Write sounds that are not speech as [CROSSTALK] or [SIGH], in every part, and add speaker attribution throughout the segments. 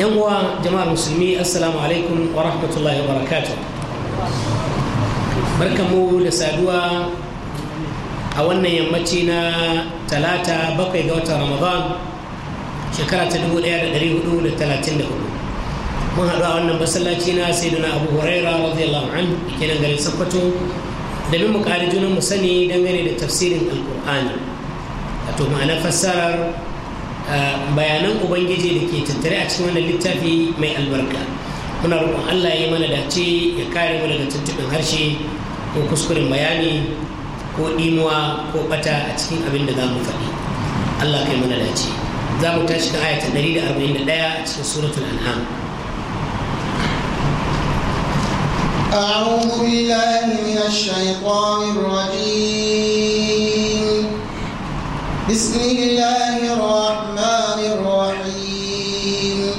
Speaker 1: yan uwa jama'ar musulmi assalamu alaikum wa rahmatullahi wa barakatuh mu da saduwa a wannan yammaci na talata bakwai ga watan ramadan shekara ta 1434 mun haɗu a wannan masallaci na duna abu huraira radiyallahu an ke nan garin sokoto domin mu ƙari junan mu sani dangane da tafsirin alƙur'ani wato ma'ana fassarar bayanan ubangiji da ke tattare a cikin wannan littafi mai albarka muna roƙon allah ya mana dace ya kare mu daga tuntuɓin harshe ko kuskuren bayani ko ɗimuwa ko ɓata a cikin abin da za mu faɗi allah kai mana dace za mu tashi kan ayata 141 a cikin suratul an'am
Speaker 2: أعوذ بالله من الشيطان الرجيم بسم الله الرحمن الرحيم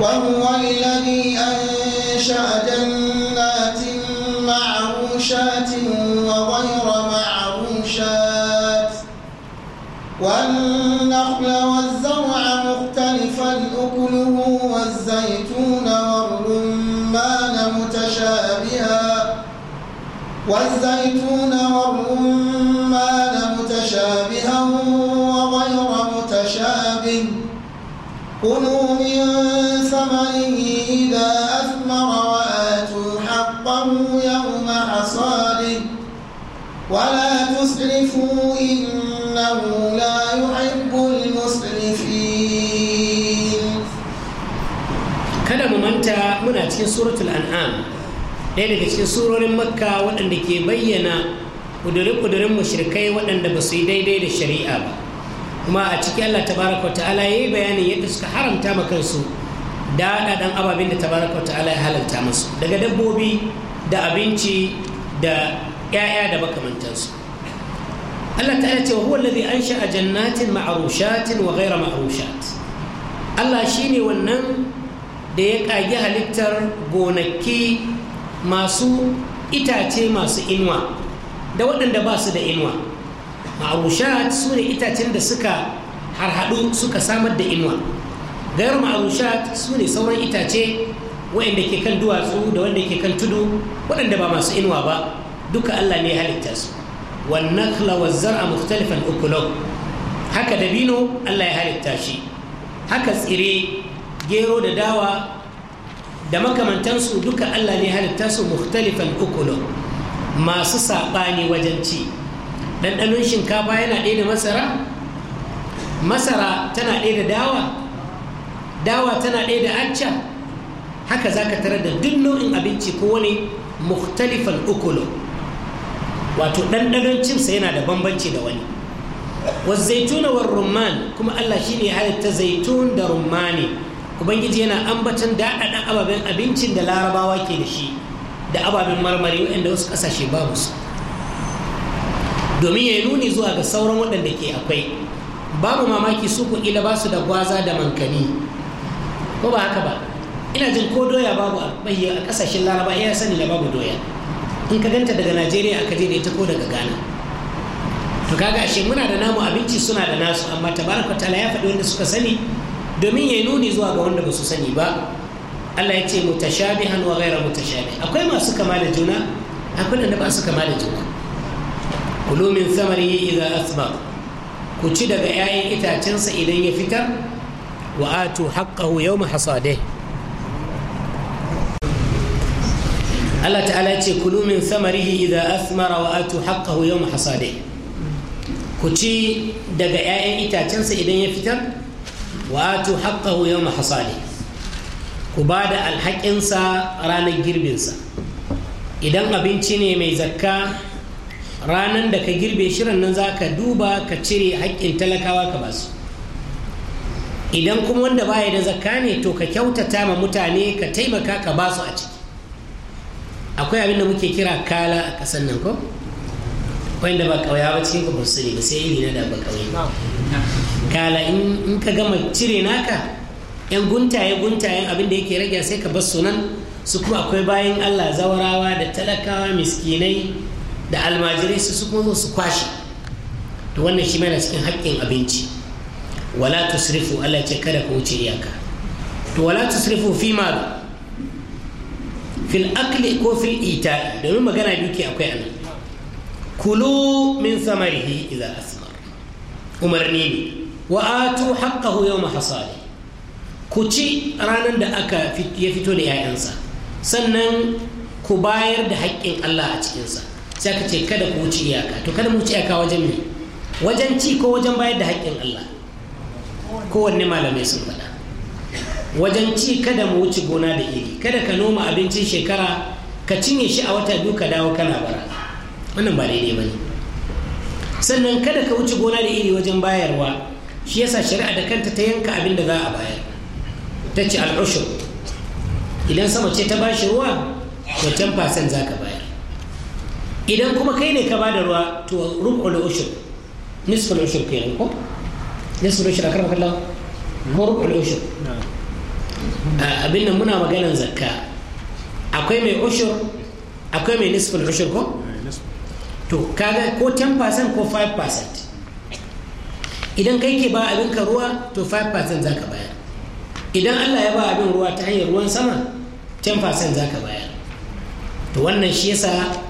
Speaker 2: وهو الذي أنشأ جنات معروشات وغير معروشات والنخل والزرع مختلفا أكله والزيتون والرمان متشابها والزيتون والرمان متشابها كلوا من ثمره إذا أثمر وآتوا حقه يوم حصاده ولا تسرفوا إنه لا يحب المسرفين
Speaker 1: kada mu manta muna cikin suratul an'am ɗaya daga cikin surorin makka waɗanda ke bayyana ƙudurin-ƙudurin mashirkai waɗanda ba su yi daidai da shari'a ba kuma a ciki Allah tabaraka wa ta'ala yayi bayanin yadda suka haramta ma kansu da dan ababen da tabaraka wa ta'ala ya halalta musu daga dabbobi da abinci da 'ya'ya da makamantansu Allah ta'ala ce wa huwa alladhi ansha'a jannatin ma'rushatin wa ghayra ma'rushat Allah shine wannan da ya kage halittar gonaki masu itace masu inuwa da waɗanda ba su da inuwa ma'arushat su ne itacen da suka harhaɗu suka samar da inuwa gayar ma'arushat su ne sauran itace waɗanda ke kan duwatsu da wanda ke kan tudu waɗanda ba masu inuwa ba duka allah ne halitta su wannan klawazar a mukhtalifan ukulon haka dabino allah ya halitta shi haka tsire gero da dawa da makamantansu duka allah ne halitta su mukhtalifan ukulon masu saɓani wajen ci ɗanɗanon shinkafa yana ɗaya da masara masara tana ɗaya da dawa dawa tana ɗaya da acca haka za ka tarar da duk nau'in abinci ko wani muktalifan ukulu wato ɗanɗanon cinsa yana da bambanci da wani Wasu rumman kuma allah shi ne halitta, zaitun da rummani. ubangiji yana ambatan daɗaɗan ababen abincin da larabawa ke da shi da ababen marmari waɗanda wasu ƙasashe babu su domin ya nuni zuwa ga sauran waɗanda ke akwai babu mamaki su ku ila ba su da gwaza da mankani ko ba haka ba ina jin ko doya babu a a ƙasashen laraba ya sani da babu doya in ka ganta daga najeriya aka je da ita ko daga ghana to kaga ashe muna da namu abinci suna da nasu amma tabaraka ta'ala ya faɗi wanda suka sani domin ya nuni zuwa ga wanda ba su sani ba Allah ya ce mutashabihan wa ghayra mutashabi akwai masu kama da juna akwai da ba su kama da juna kulu min samarihi idza asbar ku ci daga 'ya'yan itacensa idan ya fitar wa atu haqqahu yawma hasadih Allah ta'ala ce kulu min wa atu ku ci daga 'ya'yan itacensa idan ya fitar wa atu ku ba da alhaƙinsa ranar girbinsa idan abinci ne mai zakka ranan da ka girbe shirin nan za ka duba ka cire haƙƙin talakawa ka basu idan kuma wanda baya da zakka ne to ka kyautata ma mutane ka taimaka ka basu a ciki akwai abin da muke kira kala a ƙasar nan ko da ba ƙauya ba cikin ku ba sai yi na da ba ƙauye kala in ka gama cire naka yan guntaye guntayen abin da yake rage sai ka bar su nan su kuma akwai bayan allah zawarawa da talakawa miskinai da almajirai su su kuma su kwashe to wannan shi mana cikin haƙƙin abinci wala tusrifu Allah ce kada ka wuce iyaka to wala tusrifu fi ma fil akli ko fil ita'i domin magana duki akwai anan kulu min samarihi idza asmar umarni ne wa atu haqqahu yawma hasali ku ci ranar da aka ya fito da 'ya'yansa sannan ku bayar da haƙƙin Allah a cikinsa sai ka ce kada ku wuce iyaka to kada mu wuce iyaka wajen mai wajen ci ko wajen bayar da haƙƙin Allah kowanne malamai sun faɗa wajen ci kada mu wuce gona da iri kada ka noma abincin shekara ka cinye shi a wata biyu ka dawo kana bara wannan ba daidai ba ne sannan kada ka wuce gona da iri wajen bayarwa shi yasa shari'a da kanta ta yanka abin da za a bayar ta ce al'ushur idan sama ce ta bashi ruwa to 10% za ka idan kuma kai ne ka ba da ruwa to rubu da ushur nisful ushur kenan ko nisful ushur akar makalla ko rubu da ushur ah, abin nan muna maganan zakka akwai mai ushur akwai mai nisful ushur ko eh, to kaga ko 10% ko 5% idan kai ke ba abin ka ruwa to 5% zaka bayar idan Allah ya ba abin ruwa ta hanyar ruwan sama 10% zaka bayar to wannan shi yasa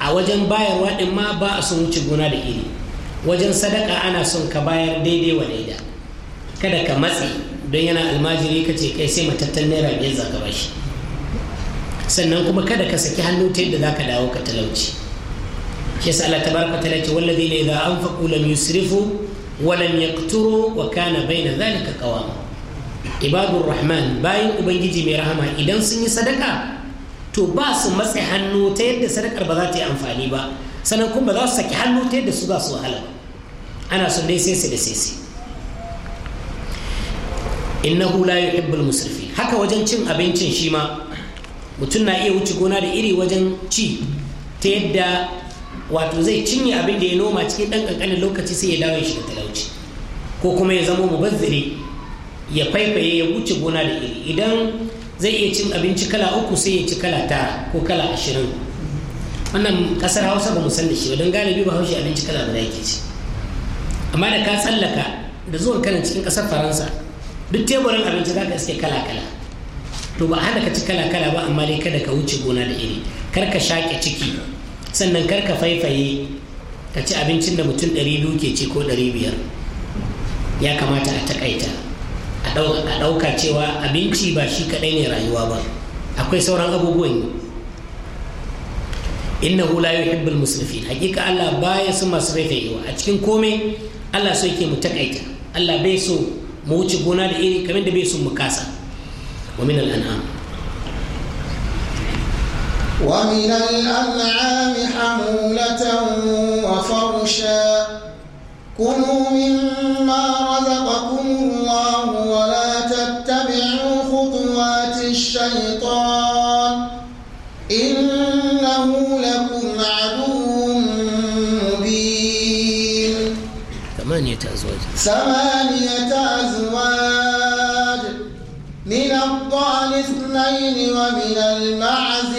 Speaker 1: a wajen bayarwa ɗin ma ba a son wuce gona da iri wajen sadaka ana son ka bayar daidai wa daida kada ka matse don yana almajiri ka ce kai sai matattan naira biyar za ka bashi sannan kuma kada ka saki hannu ta yadda za ka dawo ka talauci shi yasa Allah tabaraka ta ce wallazi ne idza anfaqu lam yusrifu wa lam yaqturu wa kana baina dhalika qawama ibadur rahman bayin ubangiji mai rahama idan sun yi sadaka to ba su matsa hannu ta yadda sadakar ba za ta yi amfani ba sannan kuma za su saki hannu ta yadda su za su wahala ana son dai sai da sese innahu la yuhibbul musrifi haka wajen cin abincin shi ma mutum na iya wuce gona da iri wajen ci ta yadda wato zai cinye abin da ya noma cikin ɗan ƙanƙanin lokaci sai ya dawo shi da talauci ko kuma ya zama mubazzire ya faifaye ya wuce gona da iri idan zai iya cin abinci kala uku sai ya ci kala tara ko kala ashirin wannan kasar hausa ba san da shi ba don galibi ba haushi abinci kala guda yake ci amma da ka tsallaka da zuwan kanan cikin kasar faransa duk teburin abinci za ka iske kala kala to ba haɗa ka ci kala kala ba amma dai kada ka wuce gona da iri kar ka shaƙe ciki sannan kar ka faifaye ka ci abincin da mutum ɗari biyu ke ci ko ɗari biyar ya kamata a taƙaita a ɗauka cewa abinci ba shi kaɗai ne rayuwa ba akwai sauran abubuwan yi inna la yuhibbul musrifin hakika Allah baya su masu wa a cikin komai Allah so yake mu takaita Allah bai so mu wuce gona da iri kamar da bai so mu kasa wa min al-an'am
Speaker 2: wa min al-an'am hamulatan wa farsha kunu min ثمانية أزواج من الضأن اثنين ومن المعز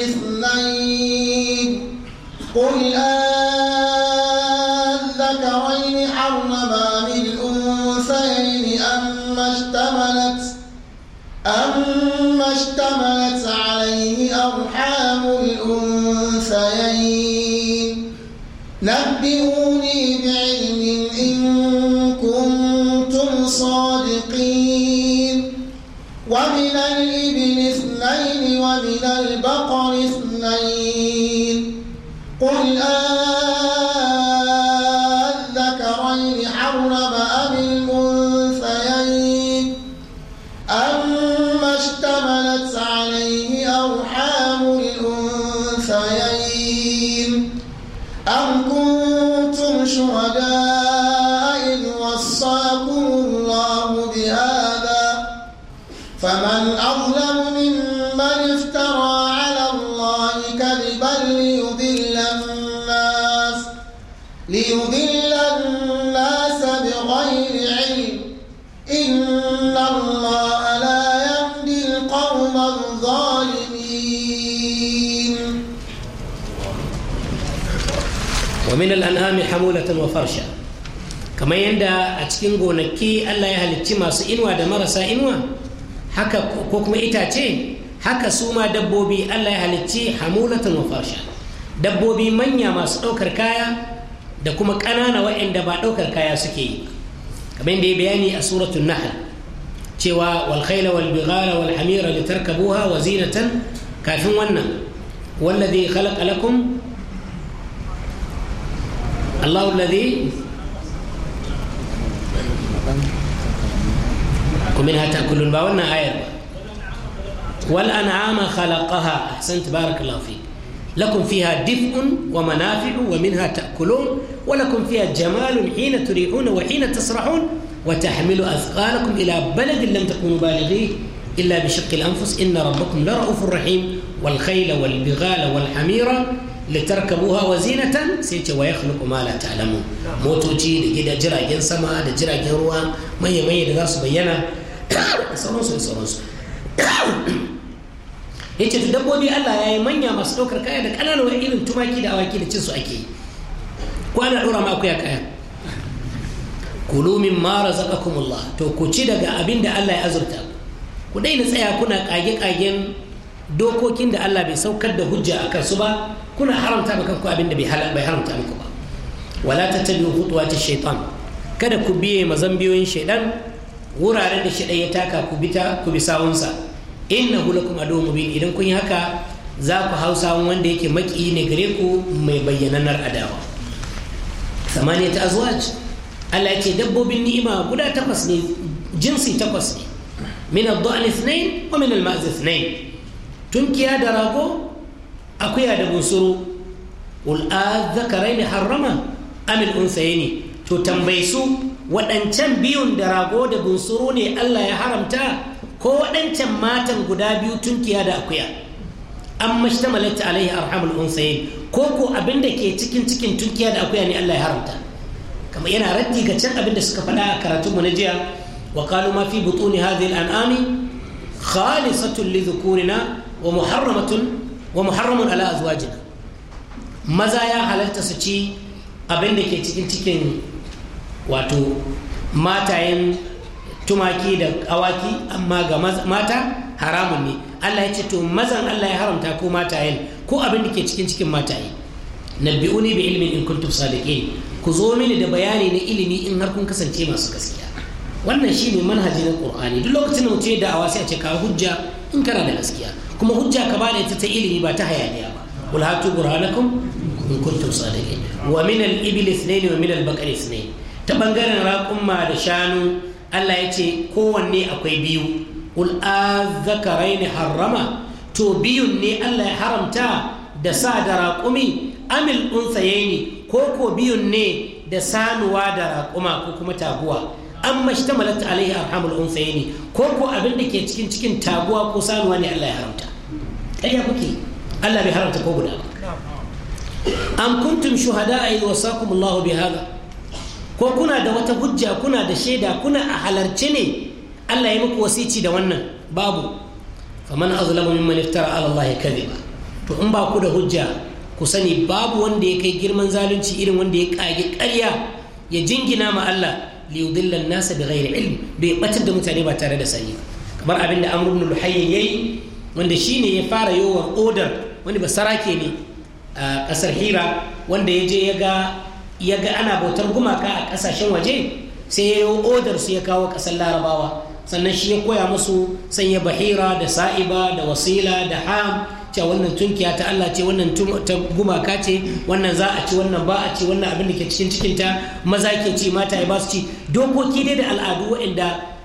Speaker 1: naulatan wa farsha kamar yadda a cikin gonaki allah ya halicci masu inuwa da marasa inuwa haka ko kuma itace haka su ma dabbobi allah ya halicci hamulatan wa farsha dabbobi manya masu ɗaukar kaya da kuma ƙanana waɗanda ba ɗaukar kaya suke yi kamar yadda ya bayani a suratun nahal cewa walkhaila walbighala walhamira litarkabuha wa zinatan kafin wannan wallazi khalaqa lakum الله الذي ومنها تأكلون باولنا آية والأنعام خلقها أحسنت بارك الله فيك لكم فيها دفء ومنافع ومنها تأكلون ولكم فيها جمال حين تريحون وحين تسرحون وتحمل أثقالكم إلى بلد لم تكونوا بالغيه إلا بشق الأنفس إن ربكم لرؤوف رحيم والخيل والبغال والحميرة litarkabuha wa zinatan sai ce wa yakhluqu ma la ta'lamu motoci da gida jiragen sama da jiragen ruwa manya-manya da za su bayyana sauransu da sauransu [COUGHS] yace to dabbobi Allah ya yi manya masu daukar kaya da ƙananan irin tumaki da awaki da cinsu ake yi ko ana ma akuya kaya kulu min ma razaqakumullah to ku ci daga abin da Allah ya azurta ku daina tsaya kuna kage kagen dokokin da Allah bai saukar da hujja akan su ba kuna haramta ma kanku abin da bai haramta muku ba wala tattabi'u ta shaitan kada ku biye mazambiyoyin shaitan wuraren da shaitan ya taka ku bi ta ku bi sawunsa innahu lakum aduwwun mubin idan kun yi haka za ku hau sawun wanda yake maki ne gare ku mai bayyananar adawa samaniya ta azwaj Allah ya dabbobin ni'ima guda takwas ne jinsi takwas ne min ad-dha'n wa min al-ma'z tunkiya da rago akuya da bunsuru ul'a zakarai ne harrama amil unsaye ne to tambayi su waɗancan biyun da rago da bunsuru ne allah ya haramta ko waɗancan matan guda biyu tunkiya da akuya an mashtamalat alaihi arhamul unsaye ko ko abin da ke cikin cikin tunkiya da akuya ne allah ya haramta kamar yana raddi ga can abin da suka faɗa a karatunmu na jiya wa kalu ma fi butuni hadhihi al-an'ami khalisatun li dhukurina wa muharramatun wa muharramun ala azwajina maza ya halatta su ci abin da ke cikin cikin wato matayen tumaki da awaki amma ga mata haramun ne Allah ya ce to mazan Allah ya haramta ko matayen ko abin da ke cikin cikin mataye ne bi ilimin in kuntum sadiqin ku zo mini da bayani na ilimi in har kun kasance masu gaskiya wannan shine manhaji na qur'ani duk lokacin da mutum ya da'awa sai a ce ka hujja in kana da gaskiya kuma hujja ka bada ita ta ilimi ba ta hayaniya ba qul hatu burhanakum in kuntum sadiqin wa min al-ibli ithnayn wa min al-baqari ithnayn ta bangaren raƙumma da shanu Allah yace kowanne akwai biyu qul azzakaraini harrama to biyun ne Allah ya haramta da sa da raƙumi amil unsayaini ko ko biyun ne da sanuwa da raƙuma ko kuma taguwa an mashtamalat alaihi arhamul unsayi ne ko ko abin da ke cikin cikin taguwa ko sanuwa ne Allah ya haramta ya kuke Allah bai haramta ko guda am kuntum shuhada ay wasakum Allah bi hada ko kuna da wata hujja kuna da shaida kuna a halarce ne Allah ya muku wasici da wannan babu faman azlamu mimman iftara ala Allah kadhiba to in ba ku da hujja ku sani babu wanda ya kai girman zalunci irin wanda ya kage ƙarya ya jingina ma Allah li yudilla an-nasa da ilm bai batar da mutane ba tare da sani kamar abin da amr ibn luhayy yayi shi ne ya fara yowar odar wani basarake ne a kasar hira wanda ya je ya ga ana bautar gumaka a kasashen waje sai ya yi odar su ya kawo ƙasar larabawa sannan shi ya koya musu sanya bahira da sa'iba da wasila da ham cewa wannan tunkiya ta Allah ce wannan ta gumaka ce wannan za a ci wannan ba a ci wannan abin da ke cikin cikin ta maza ke ci mata ba su ci dokoki dai da al'adu waɗanda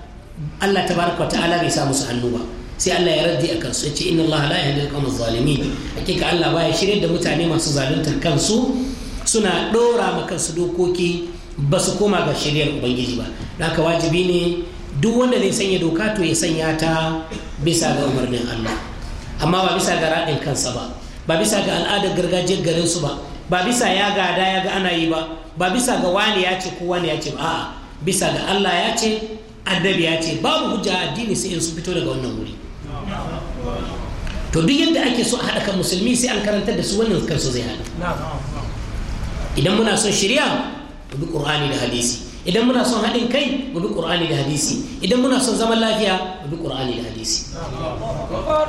Speaker 1: Allah tabaraka ta'ala bai sa musu hannu ba sai Allah ya raddi a kansu yace inna Allah la yahdi al-qawm zalimin hakika Allah baya shirye da mutane masu zaluntar kansu suna dora ma kansu dokoki ba su koma ga shiryar ubangiji ba haka wajibi ne duk wanda zai sanya doka to ya sanya ta bisa ga umarnin Allah amma ba bisa ga raɗin kansa ba ba bisa ga al'adar gargajiyar garin su ba ba bisa ya gada ya ga ana yi ba ba bisa ga wani ya ce ko wani ya ce ba a'a bisa ga Allah ya ce annabi ya ce babu hujja addini sai in su fito daga wannan wuri to duk yadda ake so a haɗa kan musulmi sai an karantar da su wannan kansu zai haɗu idan muna son shirya to bi qur'ani da hadisi idan muna son haɗin kai mu bi ƙur'ani da hadisi idan muna son zaman lafiya mu bi ƙur'ani da hadisi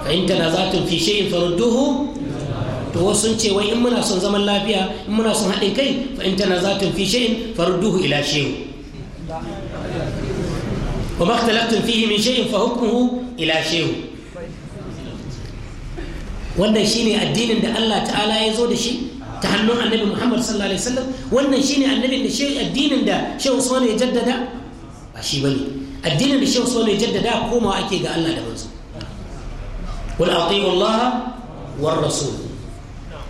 Speaker 1: fa in tanaza'tum fi shay'in farudduhu to wasu sun ce wai in muna son zaman lafiya in muna son haɗin kai fa in tanaza'tum fi shay'in farudduhu ila shehu wa ma ikhtalaftum fihi min shay'in fa hukmuhu ila shehu wannan shine addinin da Allah ta'ala ya zo da shi ta hannun annabi muhammad sallallahu alaihi wasallam wannan shine annabin da shi addinin da shehu usman ya jaddada ba shi bane addinin da shehu usman ya jaddada koma ake ga Allah da manzo
Speaker 2: qul atiiu Allah
Speaker 1: war rasul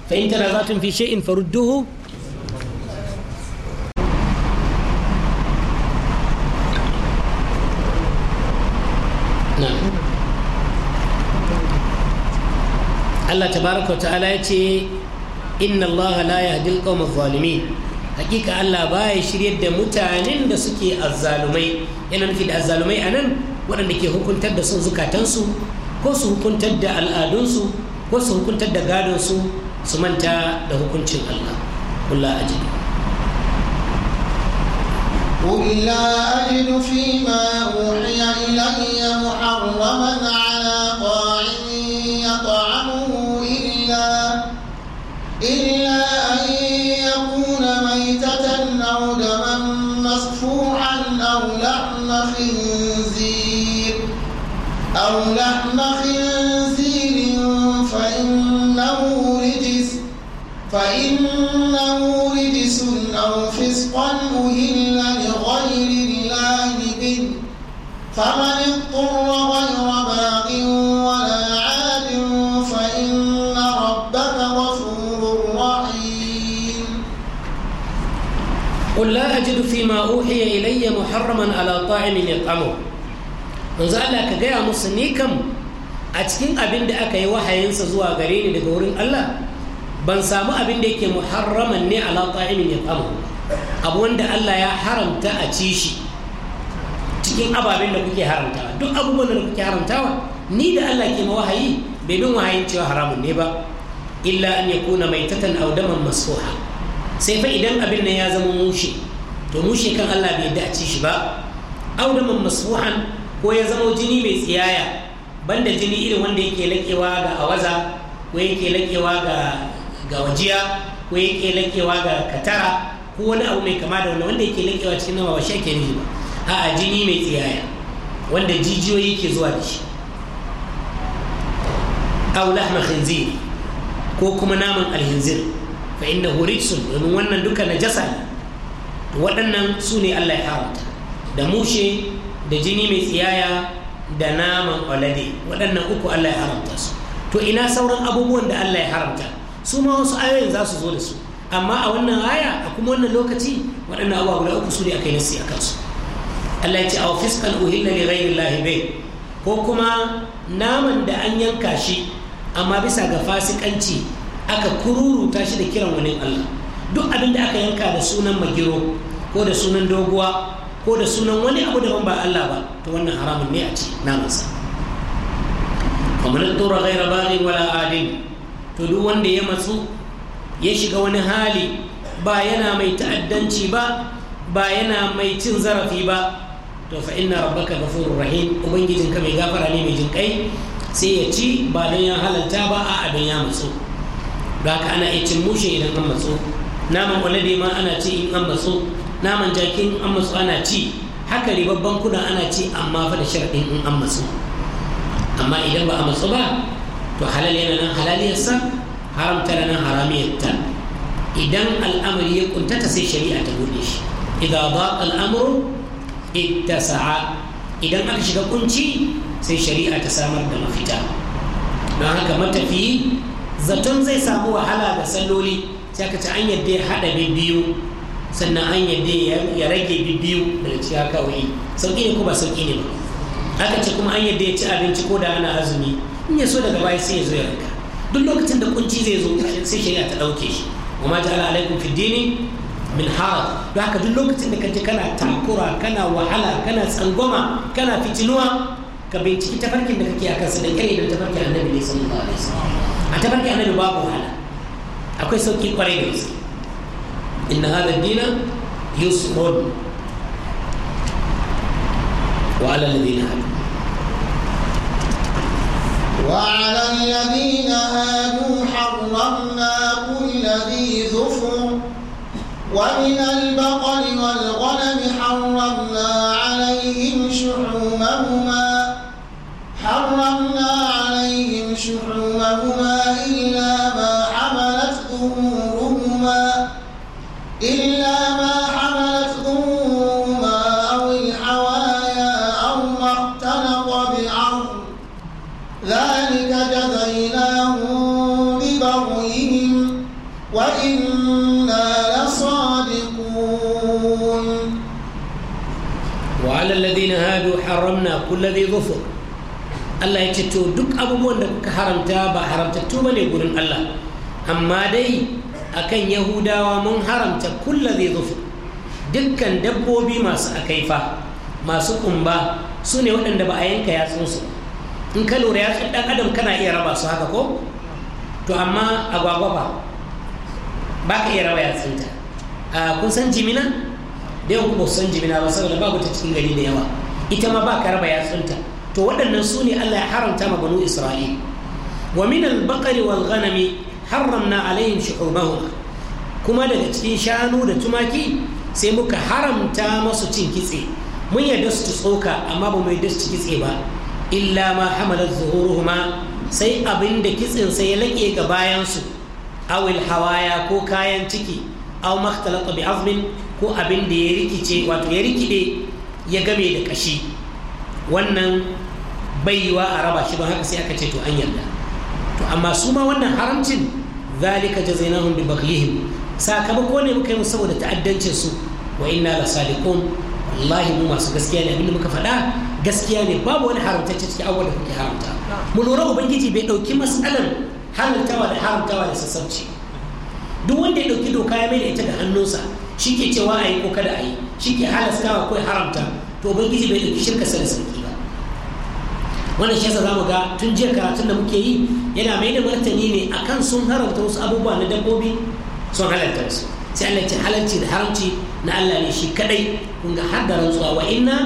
Speaker 1: fa in tanazatum fi shay'in farudduhu Allah tabaraka wa ta'ala ya ce inna allaha la yahdi alqawma zalimin hakika Allah baya shiryar da mutanen da suke azzalumai yana nufi da azzalumai a nan waɗanda ke hukuntar da son zukatansu ko su hukuntar da al'adunsu ko su hukuntar da gadonsu su manta da hukuncin Allah kulla ajidu
Speaker 2: قل لا أجد فيما أوحي إلي محرما على طاعم إلا أن يكون ميتة أو دما أو لحم خنزير أو لحم خنزير فإنه رجس أو فسقا أهل لغير الله به فمن اضطر
Speaker 1: fi ma uhiya ilayya muharraman ala ta'imin yaqamu manzo Allah ka gaya musu ni kam a cikin abinda aka yi wahayinsa zuwa gare ni daga wurin Allah ban samu abin da yake muharraman ne ala ta'imin yaqamu abu wanda Allah ya haramta a ci cikin ababen da kuke haramtawa duk abubuwan da kuke haramtawa ni da Allah ke wahayi bai bin wahayin cewa haramun ne ba illa an yakuna maitatan aw daman masfuha sai fa idan abin nan ya zama mushe to shi kan Allah bai yadda a ci shi ba auduman masfuhan ko ya zama jini mai tsiyaya banda jini irin wanda yake lakewa ga awaza ko yake lakewa ga ga wajiya ko yake lakewa ga katara ko wani abu mai kama da wani wanda yake lakewa cikin nama washe ke ba a'a jini mai tsiyaya wanda jijiyoyi ke zuwa da shi aw lahma ko kuma naman alhinzir fa inda horitsun domin wannan duka najasa ne waɗannan su ne allah ya haramta da mushe da jini mai tsiyaya da naman alade waɗannan uku allah ya haramta su to ina sauran abubuwan da allah ya haramta su ma wasu ayoyin za su zo da su amma a wannan aya a kuma wannan lokaci waɗannan abubuwa guda uku su ne aka yi nasi a kansu allah ya ce a fiskan uhilla li ghairi bai ko kuma naman da an yanka shi amma bisa ga fasikanci aka kururuta shi da kiran wani allah duk abin da aka yanka da sunan magiro ko da sunan doguwa ko da sunan wani abu daban ba Allah ba to wannan haramun ne a ci namansa kamar tura gaira bari wala adin to duk wanda ya matsu ya shiga wani hali ba yana mai ta'addanci ba ba yana mai cin zarafi ba to fa inna rabbaka ghafurur rahim ka mai gafara ne mai jinkai sai ya ci ba don ya halarta ba a abin ya matsu ba ka ana iya cin mushe idan an matsu naman alade ma ana ci in an basu naman jakin an masu ana ci haka ribabban kuna ana ci amma fa da sharaɗin in an masu amma idan ba a masu ba to halal yana nan halaliyarsa haramta na nan haramiyarta idan al'amari ya kuntata sai shari'a ta buɗe shi idan ba al'amuru ittasa'a idan aka shiga kunci sai shari'a ta samar da mafita don haka matafi zaton zai samu wahala ga salloli sai ka ci an yadda ya haɗa biyu sannan an yadda ya rage bi biyu daga ciya kawai sauƙi ne ko ba sauƙi ne ba aka ce kuma an yadda ya ci abinci ko da ana azumi in ya so daga baya sai ya zo ya rika. duk lokacin da kunci zai zo sai shi ta ɗauke shi wa ma ta'ala alaikum fi dini min hawa. don haka duk lokacin da ka ji kana takura kana wahala kana tsangwama kana fitinuwa ka binciki tafarkin da kake a sa da kare da tafarkin annabi ne sallallahu alaihi wasallam a tafarkin annabi babu wahala أكويس أوكي قريبز إن هذا الدين يسر وعلى الذين آمنوا
Speaker 2: وعلى الذين آمنوا حرمنا كل ذي ظفر ومن البقر والغنم حرمنا
Speaker 1: harramna kulla zai zufur Allah ya ce to duk abubuwan da kuka haramta ba haramtattu ba ne gurin Allah amma dai akan yahudawa mun haramta kulla zai zufur dukkan dabbobi masu akaifa masu kumba su ne waɗanda ba a yanka yatsunsu in ka lura yatsun ɗan adam kana iya raba su haka ko to amma agwagwa ba ba ka iya raba yatsunta ah, kun san jimina da yau kuma san jimina ba saboda ku ta cikin gari da yawa ita ma ba ka raba yatsunta to waɗannan su ne Allah ya haramta ma banu Isra'il wa min al-baqari wal ghanami harramna alaihim shuhumahuma kuma daga cikin shanu da tumaki sai muka haramta masu cin kitse mun yarda su tsoka amma ba mu yarda kitse ba illa ma hamalat zuhuruhuma sai abin da kitsen sai ya lake ga bayan su awil hawaya ko kayan ciki aw makhtalata bi azmin ko abin da ya rikice wato ya rikide ya game da kashi wannan baiwa a raba shi don haka sai aka ce to an yarda to amma su ma wannan haramcin zalika jazainahum bi baghihim sakamako ne muka yi musu saboda ta'addancin su wa inna la sadiqun wallahi mu masu gaskiya ne abinda muka faɗa gaskiya ne babu wani haramtacce cikin abubuwan da kuke haramta mu lura ubangiji bai ɗauki matsalar halaltawa da haramtawa da sassauci duk wanda ya ɗauki doka ya mai da ita da hannunsa shi ke cewa a yi ko kada a yi shi ke halastawa haramta to ubangiji bai ɗauki shirka sa da sauki ba wannan shi yasa za mu ga tun jiya karatun da muke yi yana mai da martani ne akan sun haramta wasu abubuwa na dabbobi sun halarta su sai Allah ce halarci da haramci na Allah ne shi kadai kun ga har da rantsuwa wa inna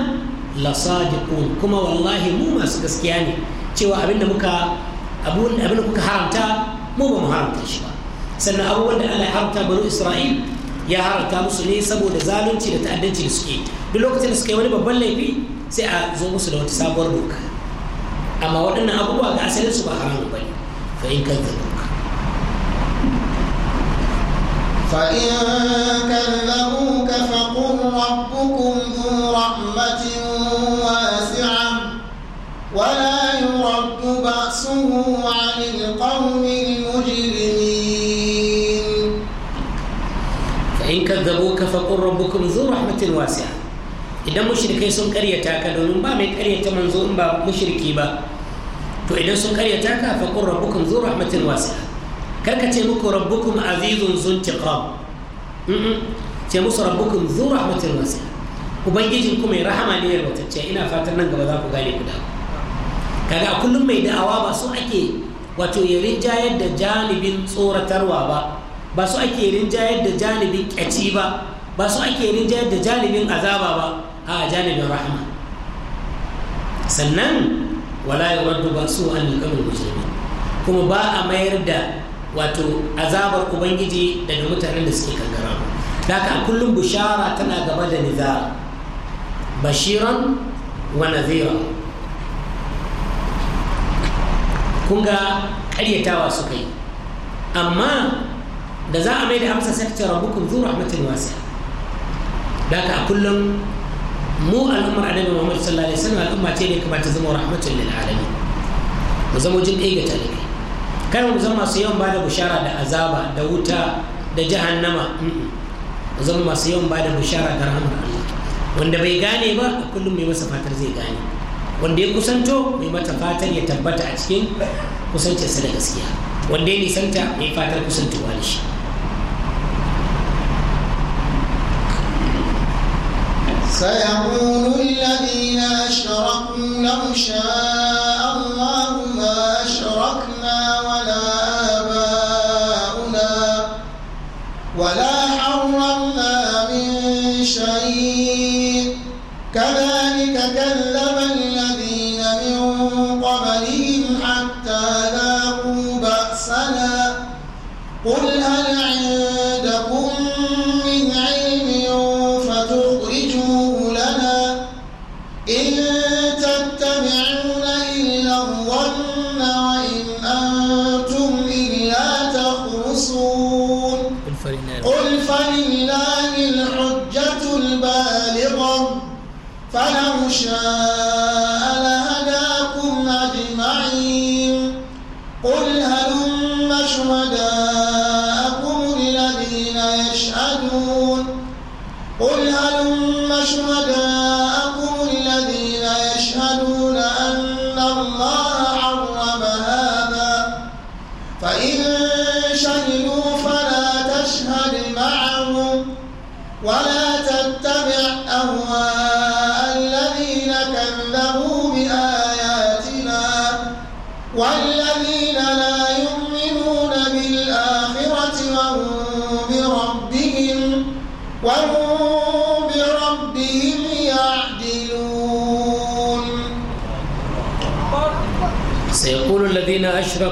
Speaker 1: la sadiqun kuma wallahi mu masu gaskiya ne cewa abinda muka abin da kuka haramta mu ba mu haramta shi ba sannan abubuwan da Allah ya haramta bani Isra'il ya haranta musu ne saboda zalunci da ta'addanci da suke duk lokacin da suka wani babban laifi sai a zo musu da wata sabuwar doka amma waɗannan abubuwa ga asalin su ba haramu ba ne fa in kan doka ka
Speaker 2: ولا يرد بأسه عن القوم المجرمين
Speaker 1: kazzabuka faqur rabbukum zu rahmatin wasi'a idan mushrikai sun karyata ka domin ba mai karyata manzo in ba mushriki ba to idan sun karyata ka faqur rabbukum zu rahmatin wasi'a kar ka ce muku rabbukum azizun zuntiqam ce musu rabbukum zu rahmatin wasi'a ubangijin ku mai rahama ne yarwatacce ina fatan nan gaba za ku gane ku da kaga kullum mai da'awa ba so ake wato ya rinjayar da janibin tsoratarwa ba ba su ake rinjayar da janibin ƙyaci ba ba su ake rinjayar da janibin azaba ba a janibin rahama sannan wala ya wadda ba su an kalmar musulmi kuma ba a mayar da wato azabar ubangiji daga mutanen da suke kankara da a kullum bishara tana gaba da nizara bashiran wa nazira kun karyatawa suka yi amma da za a mai da amsa sai ta rabbukum zuwa rahmatin wasa. da ka a kullum mu al'ummar annabi Muhammad sallallahu alaihi wasallam al'umma ce ne kamata zama rahmatin lil alamin mu zama jin ɗaya ga talibai kar mu zama masu yawan bada bushara da azaba da wuta da jahannama mu zama masu yawan bada bushara da rahmar Allah wanda bai gane ba a kullum mai masa fatar zai gane wanda ya kusanto mai mata fatar ya tabbata a cikin kusancinsa da gaskiya wanda ya nisanta mai yi fatar
Speaker 2: kusantowa da shi سيقول الذين أشركوا لو شاء الله ما أشركنا ولا آباؤنا ولا حرمنا من شيء كذلك كذلك إلا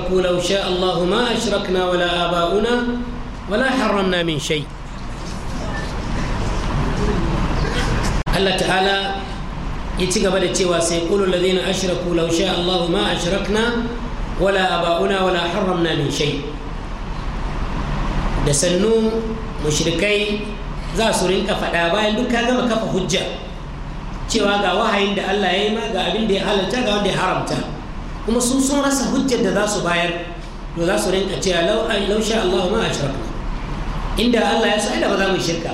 Speaker 1: أشركوا لو شاء الله ما أشركنا ولا آباؤنا ولا حرمنا من شيء Allah ta'ala ya ci gaba da cewa sai kulul ladina ashraku law sha Allah ma ashrakna wala aba'una wala min da sannu mushrikai za su rinka faɗa bayan duk ka gama kafa hujja cewa ga wahayin da Allah ya yi ma ga abin da ya halarta ga wanda ya haramta kuma sun sun rasa hujjar da za su bayar to za su rinka cewa laushe Allah ma shirka inda Allah ya sa'ida ba za mu shirka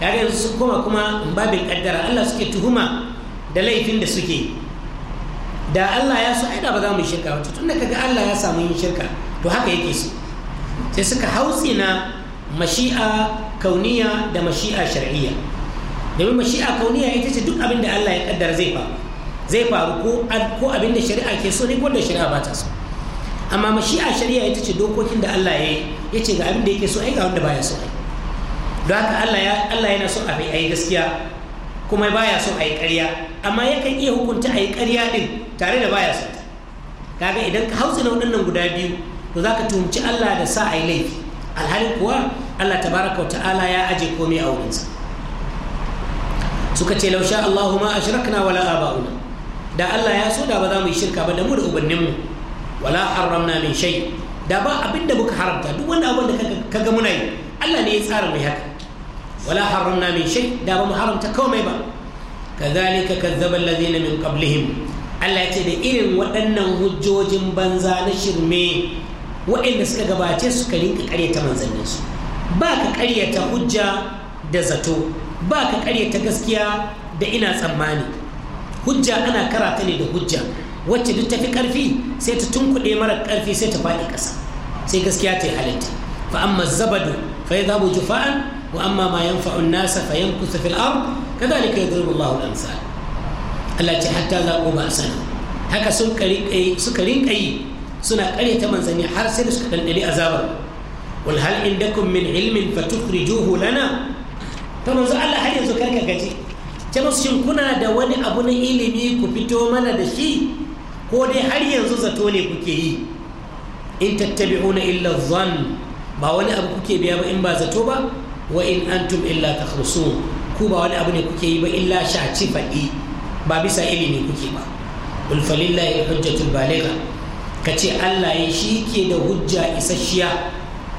Speaker 1: kaga yanzu sun koma kuma babin kaddara Allah suke tuhuma da laifin da suke da Allah ya sa'ida ba za mu shirka wato tunda kaga Allah ya samu yin shirka to haka yake so sai suka na mashi'a kauniya da mashi'a shar'iyya domin mashi'a kauniya ita ce duk abin da Allah ya kaddara zai faru zai faru ko abin da shari'a ke so ne ko da shari'a ba ta so amma mashi'a shari'a ita ce dokokin da Allah ya yi ya ce ga abin da yake so ai ga wanda baya so ai don haka Allah ya Allah yana so a ai gaskiya kuma baya so a yi ƙarya amma yakan iya hukunta a yi ƙarya din tare da baya so kaga idan ka hausa na waɗannan guda biyu to za ka tuhumci Allah da sa a yi laifi alhalin kuwa Allah tabaraka wa ta'ala ya aje komai a wurinsa suka ce lausha Allahuma ashrakna wala aba'una da Allah ya so da ba za mu yi shirka ba da mu da ubanninmu wala haramna min shay da ba abin da muka haramta duk wani abin da kaga muna yi Allah ne ya tsara mai haka wala haramna min shay da ba mu haramta komai ba kazalika kazzaba allazina min qablihim Allah ya ce da irin waɗannan hujjojin banza na shirme waɗanda suka gabace su ka rinka ƙaryata manzanninsu ba ka ƙaryata hujja da zato ba ka ƙaryata gaskiya da ina tsammani hujja ana karata ne da hujja wacce duk tafi karfi sai ta tunkuɗe mara karfi sai ta faɗi ƙasa sai gaskiya ta yi halitta fa amma zabadu fa yadhabu jufa'an wa amma ma yan an-nasa fa yankusu fil ard kadhalika yadribu Allahu al-amsal Allah ce hatta zaqu ba'sana haka sun kari suka rinka yi suna ta manzanni har sai da suka dandali azabar wal hal indakum min ilmin fatukhrijuhu lana to manzo Allah har yanzu karka gaji ce shi kuna da wani abu na ilimi ku fito mana da shi ko dai har yanzu zato ne kuke yi in tattabi'una illa zan ba wani abu kuke biya ba in ba zato ba wa in antum illa takhrusun ku ba wani abu ne kuke yi ba illa shaci baɗi ba bisa ilimi kuke ba qul falillahi hujjatul baligha kace Allah ya shi ke da hujja isasshiya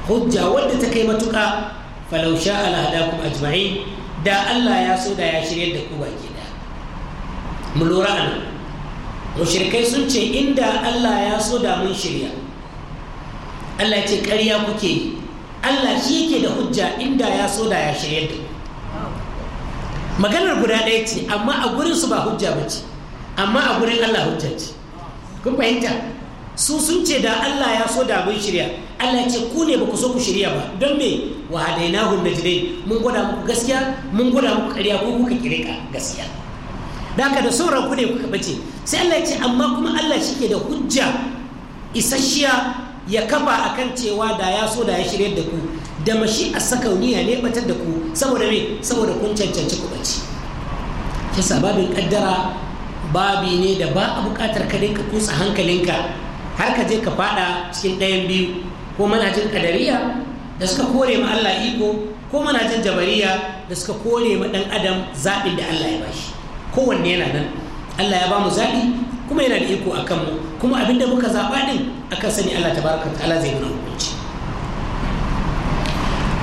Speaker 1: hujja wadda ta kai matuƙa Falausha ala hadakum ajma'in da Allah ya so da ya shirya da ku baki da mu lura a mushrikai sun ce inda Allah ya so da mun shirya Allah ce ƙarya kuke yi Allah shi yake da hujja inda ya so da ya shirya da maganar guda ɗaya ce amma a gurin su ba hujja ba ce amma a gurin Allah hujja ce kun fahimta su sun ce da Allah ya so da mun shirya Allah ce ku ne ba ku so ku shirya ba don me wa hadainahu najdain mun gwada muku gaskiya mun gwada muku ƙarya ko kuka kirika gaskiya daka da sauran ku ne kuka bace sai Allah ya ce amma kuma Allah shike da hujja isasshiya ya kafa akan cewa da ya so da ya shirye da ku da mashi a sakauniya ne batar da ku saboda me saboda kun cancanci ku bace kisa babin kaddara babi ne da ba a bukatar ka ka kusa hankalinka har ka je ka fada cikin ɗayan biyu ko mana jin kadariya da suka kore ma Allah iko ko manajin jabariya da suka kore ma dan adam zaɓin da Allah ya bashi kowanne yana nan Allah ya ba mu zaɓi kuma yana da iko a kanmu kuma abinda muka zaɓa ɗin akan sani Allah ta ta allah zai nuna hukunci da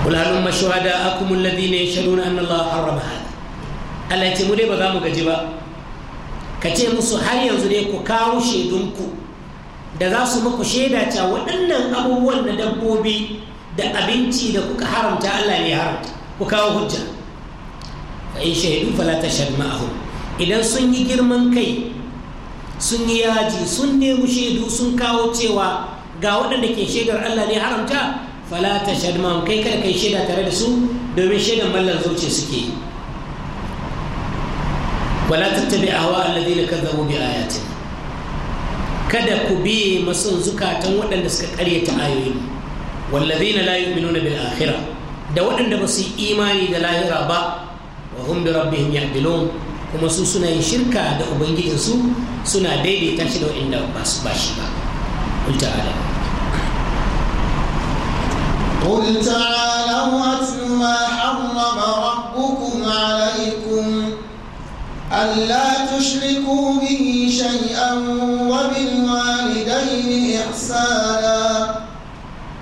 Speaker 1: هلم شهداءكم الذين يشهدون أن الله حرم هذا Allah ce mu dai ba za mu gaji ba ka ce musu har yanzu ne ku kawo shaidunku da za su muku shaida cewa waɗannan abubuwan na dabbobi da abinci da kuka haramta Allah ne haramta ku kawo hujja fa in shaidu fala tashhad ma'ahum idan sun yi girman kai sun yi yaji sun nemi shaidu sun kawo cewa ga waɗanda ke shaidar Allah ne haramta fala tashhad ma'ahum kai kada kai shaida tare da su domin shaidan mallan zuciya suke wala tattabi ahwa alladhina kadzabu bi ayatina kada ku bi masun zukatan waɗanda suka karyata ayoyin والذين لا يؤمنون بالآخرة da waɗanda ba su yi imani da lahira ba wa hum bi rabbihim kuma su suna shirka da ubangijinsu suna daidaita shi da waɗanda
Speaker 2: ba su ba shi ba qul ta'ala qul ta'ala wa tsumma harrama rabbukum alaykum alla tushriku bihi shay'an wa bil walidayni ihsana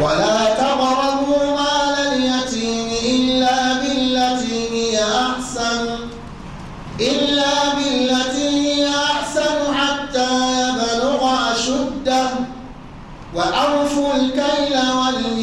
Speaker 2: ولا تقربوا مال اليتيم إلا بالتي هي أحسن
Speaker 1: إلا بالتي
Speaker 2: هي أحسن حتى يبلغ أشده وأوفوا الكيل والميزان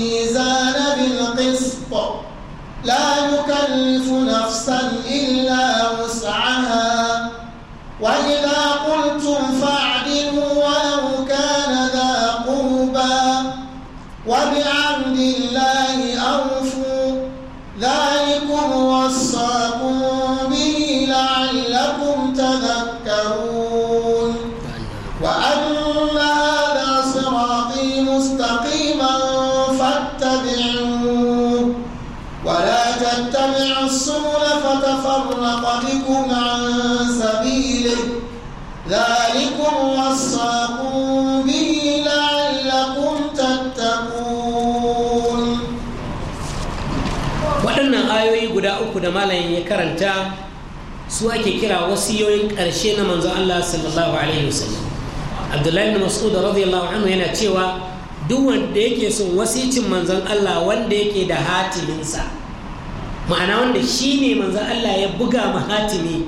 Speaker 1: uku da malayin ya karanta su ake kira wasiyoyin ƙarshe na manzo Allah sallallahu alaihi wasallam Abdullahi bin Mas'ud radiyallahu anhu yana cewa duk wanda yake son wasicin manzon Allah wanda yake da hatiminsa ma'ana wanda shi ne manzon Allah ya buga ma hatimi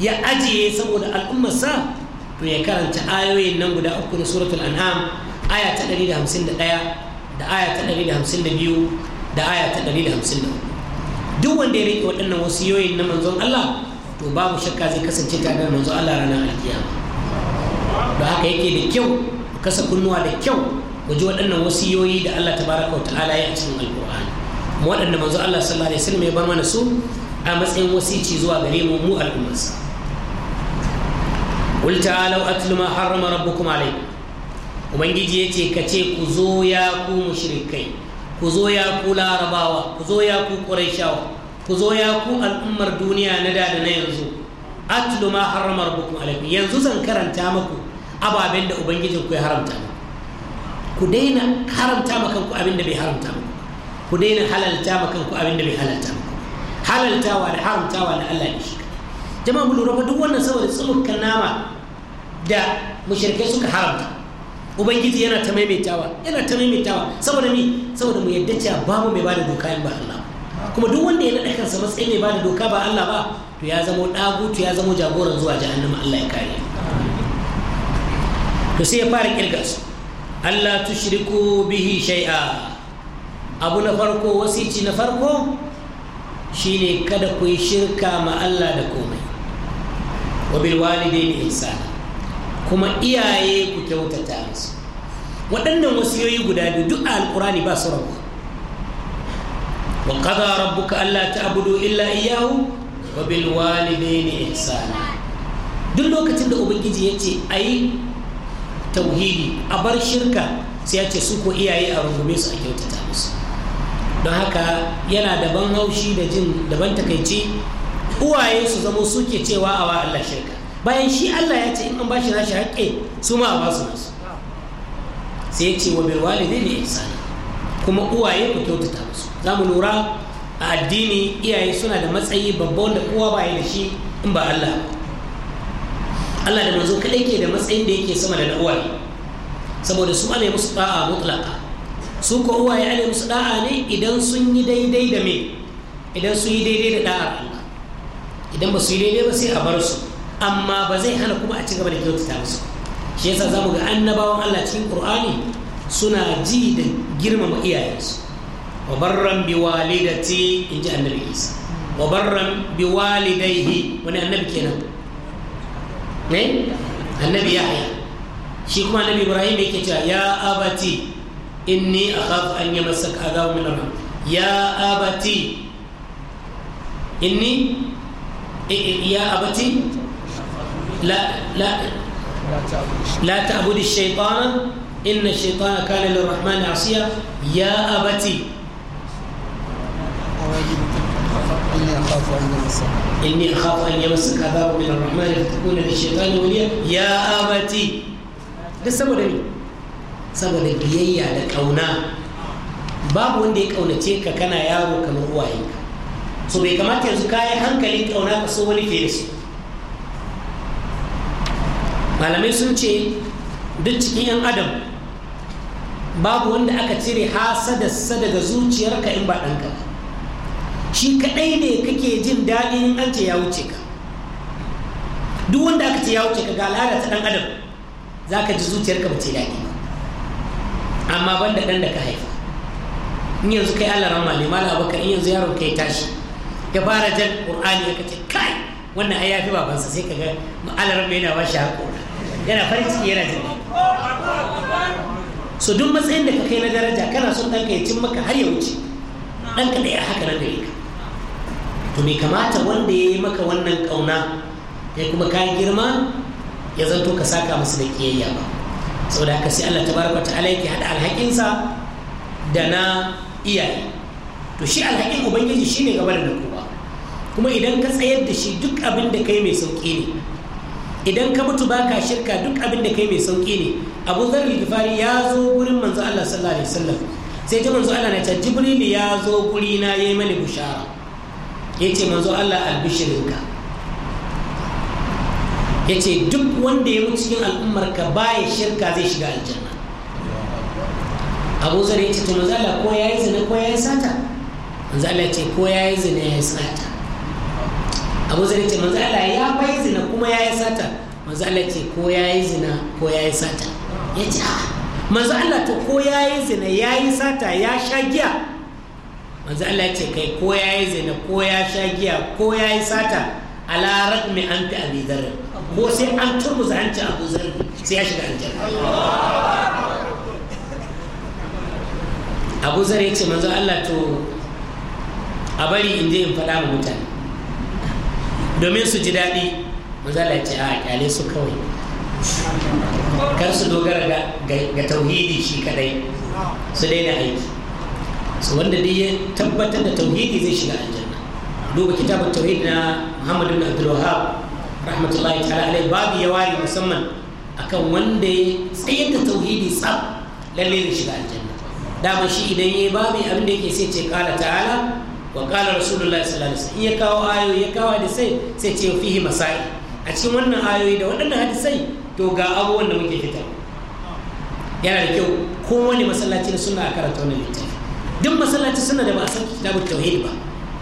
Speaker 1: ya ajiye saboda al'ummarsa to ya karanta ayoyin nan guda uku na suratul an'am aya ta 151 da aya ta 152 da aya ta 153 duk wanda ya rike waɗannan wasiyoyin na manzon Allah to babu shakka zai kasance ta da manzon Allah ranar alkiyama don haka yake da kyau kasa kunnuwa da kyau ku ji waɗannan wasiyoyi da Allah tabaraka wa ta'ala ya cikin alqur'ani mu waɗanda manzo Allah sallallahu alaihi wasallam ya bar mana su a matsayin wasici zuwa gare mu mu al'ummarsa qul ta'alu atlu ma harrama rabbukum alaykum ubangiji yace kace ku zo ya ku mushrikai ku zo ya ku larabawa ku zo ya ku ƙwarishawa ku zo ya ku al'ummar duniya na da na yanzu atlu ma haramar rabbukum alaikum yanzu zan karanta muku ababen da ubangijin ku ya haramta muku ku daina haramta ma ku abin da bai haramta muku ku daina halalta ma ku abin da bai halalta muku halaltawa da haramtawa da Allah ne jama'a mu lura duk wannan saboda tsumukan nama da mushrikai suka haramta ubangiji yana ta maimaitawa yana ta maimaitawa saboda ni saboda mu yadda cewa babu mai bada doka in ba Allah kuma duk wanda ya nada kansa matsayi mai bada doka ba Allah ba to ya zamo to ya zamo jagoran zuwa jahannama Allah ya kare to sai ya fara kirga su Allah tushriku bihi shay'a abu na farko wasici na farko shine kada ku yi shirka ma Allah da komai wa bil walidaini ihsana kuma iyaye ku kyautata musu waɗannan wasu wasiyoyi guda biyu duk a alkurani ba su rabu wa qada rabbuka ta abudu illa iyahu wa bil walidayni ihsana duk lokacin da ubangiji ya ce a yi tauhidi a bar shirka sai ya ce su ko iyaye a rungume su a kyautata musu don haka yana daban haushi da jin daban takaici uwaye su zamo suke cewa a wa Allah shirka bayan shi Allah ya ce in an bashi nashi haƙƙi su ma ba su nasu sai ya ce wa bil ne ihsana kuma uwaye ku kyautata musu za mu lura a addini iyaye suna da matsayi babba wanda kowa ba yi da shi in ba Allah Allah da manzo kaɗai ke da matsayin da yake sama da na uwaye saboda su ana musu da'a mutlaka su ko uwaye ana musu ɗa'a ne idan sun yi daidai da me idan sun yi daidai da ɗa'a Allah idan ba su yi daidai ba sai a bar su amma ba zai hana kuma a cigaba da kyautata musu shi yasa za mu ga annabawan Allah cikin Qur'ani suna ji da girmama iyayensu wa barran bi walidati inji annabi Isa wa barran bi walidaihi wani annabi kenan ne annabi ya Yahya shi kuma annabi Ibrahim yake cewa ya abati inni akhaf an yamassaka adhabun min ar-rahman ya abati inni e, e, ya abati لا لا لا تعبد الشيطان إن الشيطان كان للرحمن عصيا يا أبتي إني أخاف أن يمسك عذاب من الرحمن فتكون للشيطان وليا يا أبتي ده سبب دليل سبب دليل يا كونا babu wanda ya kaunace ka kana yaro kamar uwayenka so bai kamata yanzu kayi hankali kauna ka so wani fiye da su malamai sun ce duk cikin 'yan adam babu wanda aka cire hasadarsa daga zuciyarka in ba ɗanka ba shi kaɗai ne kake jin daɗi in an ce ya wuce ka duk wanda aka ce ya wuce ka ga al'ada ta ɗan adam za ka ji zuciyarka ba ce daɗi ba amma ban da ɗan da ka haifa in yanzu kai allah rama ne mala abu in yanzu yaron kai tashi ya fara jan ƙur'ani ya kace kai wannan ai yafi babansa sai ka ga ma'alar mai yana ba shi haƙo yana farin ciki yana jin so duk matsayin da ka kai na daraja kana son ɗanka ya cin maka har ya wuce ɗanka da ya haka na gare ka to me kamata wanda ya yi maka wannan ƙauna kai kuma ka girma ya zanto ka saka musu da kiyayya ba saboda haka sai Allah tabaraka ta'ala yake hada alhakinsa da na iyaye to shi alhakin ubangiji shine gaba da kowa kuma idan ka tsayar da shi duk abin da kai mai sauki ne idan ka mutu baka shirka duk abin da kai mai sauki ne abu zar gifari ya zo gurin manzo Allah sallallahu alaihi wasallam sai ta manzo Allah na ta jibril ya zo guri na yayi mani bushara yace manzo Allah albishirinka yace duk wanda ya mutu cikin al'ummarka baya shirka zai shiga aljanna abu zar yace to manzo Allah ko yayi zina ko yayi sata manzo Allah yace ko yayi zina yayi sata abu zai ce manzo Allah ya bai zina kuma ya yi sata manzo Allah ce ko ya yi zina ko ya yi sata ya ce a manzo Allah to ko ya yi zina ya yi sata ya sha giya manzo Allah ya ce kai ko ya yi zina ko ya sha giya ko ya yi sata ala rakmi an fi abi ko sai an turmuza ci abu zarri sai ya shiga aljanna abu zar ya ce manzo Allah to a bari in je in faɗa wa mutane domin su ji daɗi za ce a kyale su kawai kar su dogara ga tauhidi shi kadai su daina aiki su wanda dai ya tabbatar da tauhidi zai shiga aljanna duba kitabun tauhidi na muhammadu bin abdul wahab rahmatullahi ta'ala alai babu ya ware musamman akan wanda ya tsayar da tauhidi tsab lalle zai shiga aljanna dama shi idan ya babu abin da yake sai ce kala ta'ala wakala rasulullah rasulullahi sallallahu ya kawo ayoyi ya kawo hadisai sai ce fihi masai a cikin wannan ayoyi da waɗannan hadisai to ga abubuwan da muke fitar yana da kyau wani masallaci suna a karanta wannan littafi duk masallaci suna da ba a san kitabun tauhid ba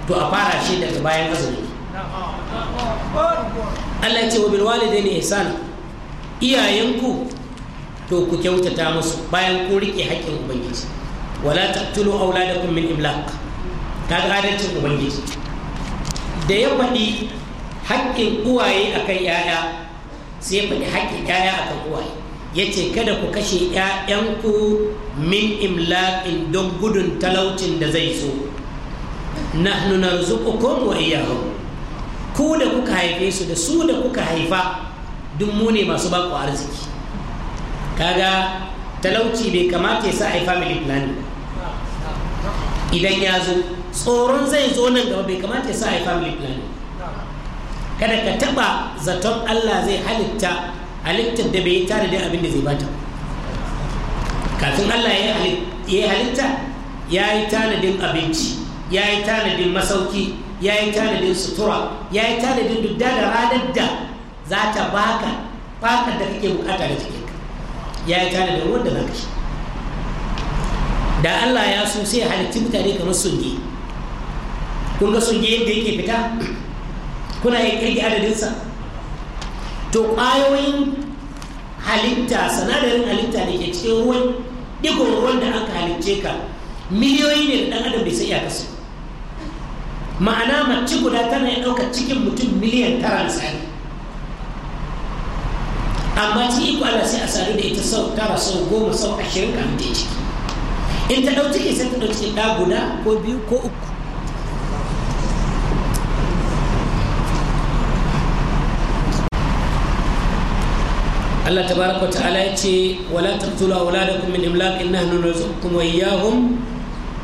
Speaker 1: to a fara shi daga bayan azumi Allah ya ce wa bil ya ihsana iyayenku to ku kyautata musu bayan ku rike haƙƙin ubangiji wala taqtulu auladakum min imlaq kaga adalcin ubangiji da ya faɗi haƙƙin uwaye akan 'ya'ya sai faɗi haƙƙin 'ya'ya akan uwaye ya ce kada ku kashe 'ya'yanku min imlaƙin don gudun talaucin da zai so ko mu wa iyyahum ku da kuka haife su da su da kuka haifa duk mu ne masu baku arziki kaga talauci bai kamata ya sa a yi family planning idan ya zo tsoron zai zo nan gaba bai kamata ya sa yi family planning kada ka taba zaton Allah zai halitta halittar da bai yi tare da abin da zai bata kafin Allah ya yi halitta ya yi tanadin abinci ya yi tanadin masauki ya yi tanadin sutura ya yi tanadin duk da ranar da za ta baka fakar da kake bukata da ka ya yi tanadin ruwan da za ka shi da Allah ya so sai halitti mutane kamar sunge kun ga sun yadda yake fita kuna yin kirgi adadinsa to ƙwayoyin halitta sanadarin halitta da ke cikin ruwan digon ruwan da aka halicce ka miliyoyi ne da ɗan adam bai sai ya su ma'ana mace guda tana ya ɗaukar cikin mutum miliyan tara misali amma ci iko ana sai a sadu da ita sau tara sau goma sau ashirin kamar ta ciki in ta ɗau ciki sai ta ɗau ciki ɗa guda ko biyu ko uku Allah tabaraka wa ta'ala ya ce wala taqtulu awladakum min imlaq in nahnu narzuqukum wa iyyahum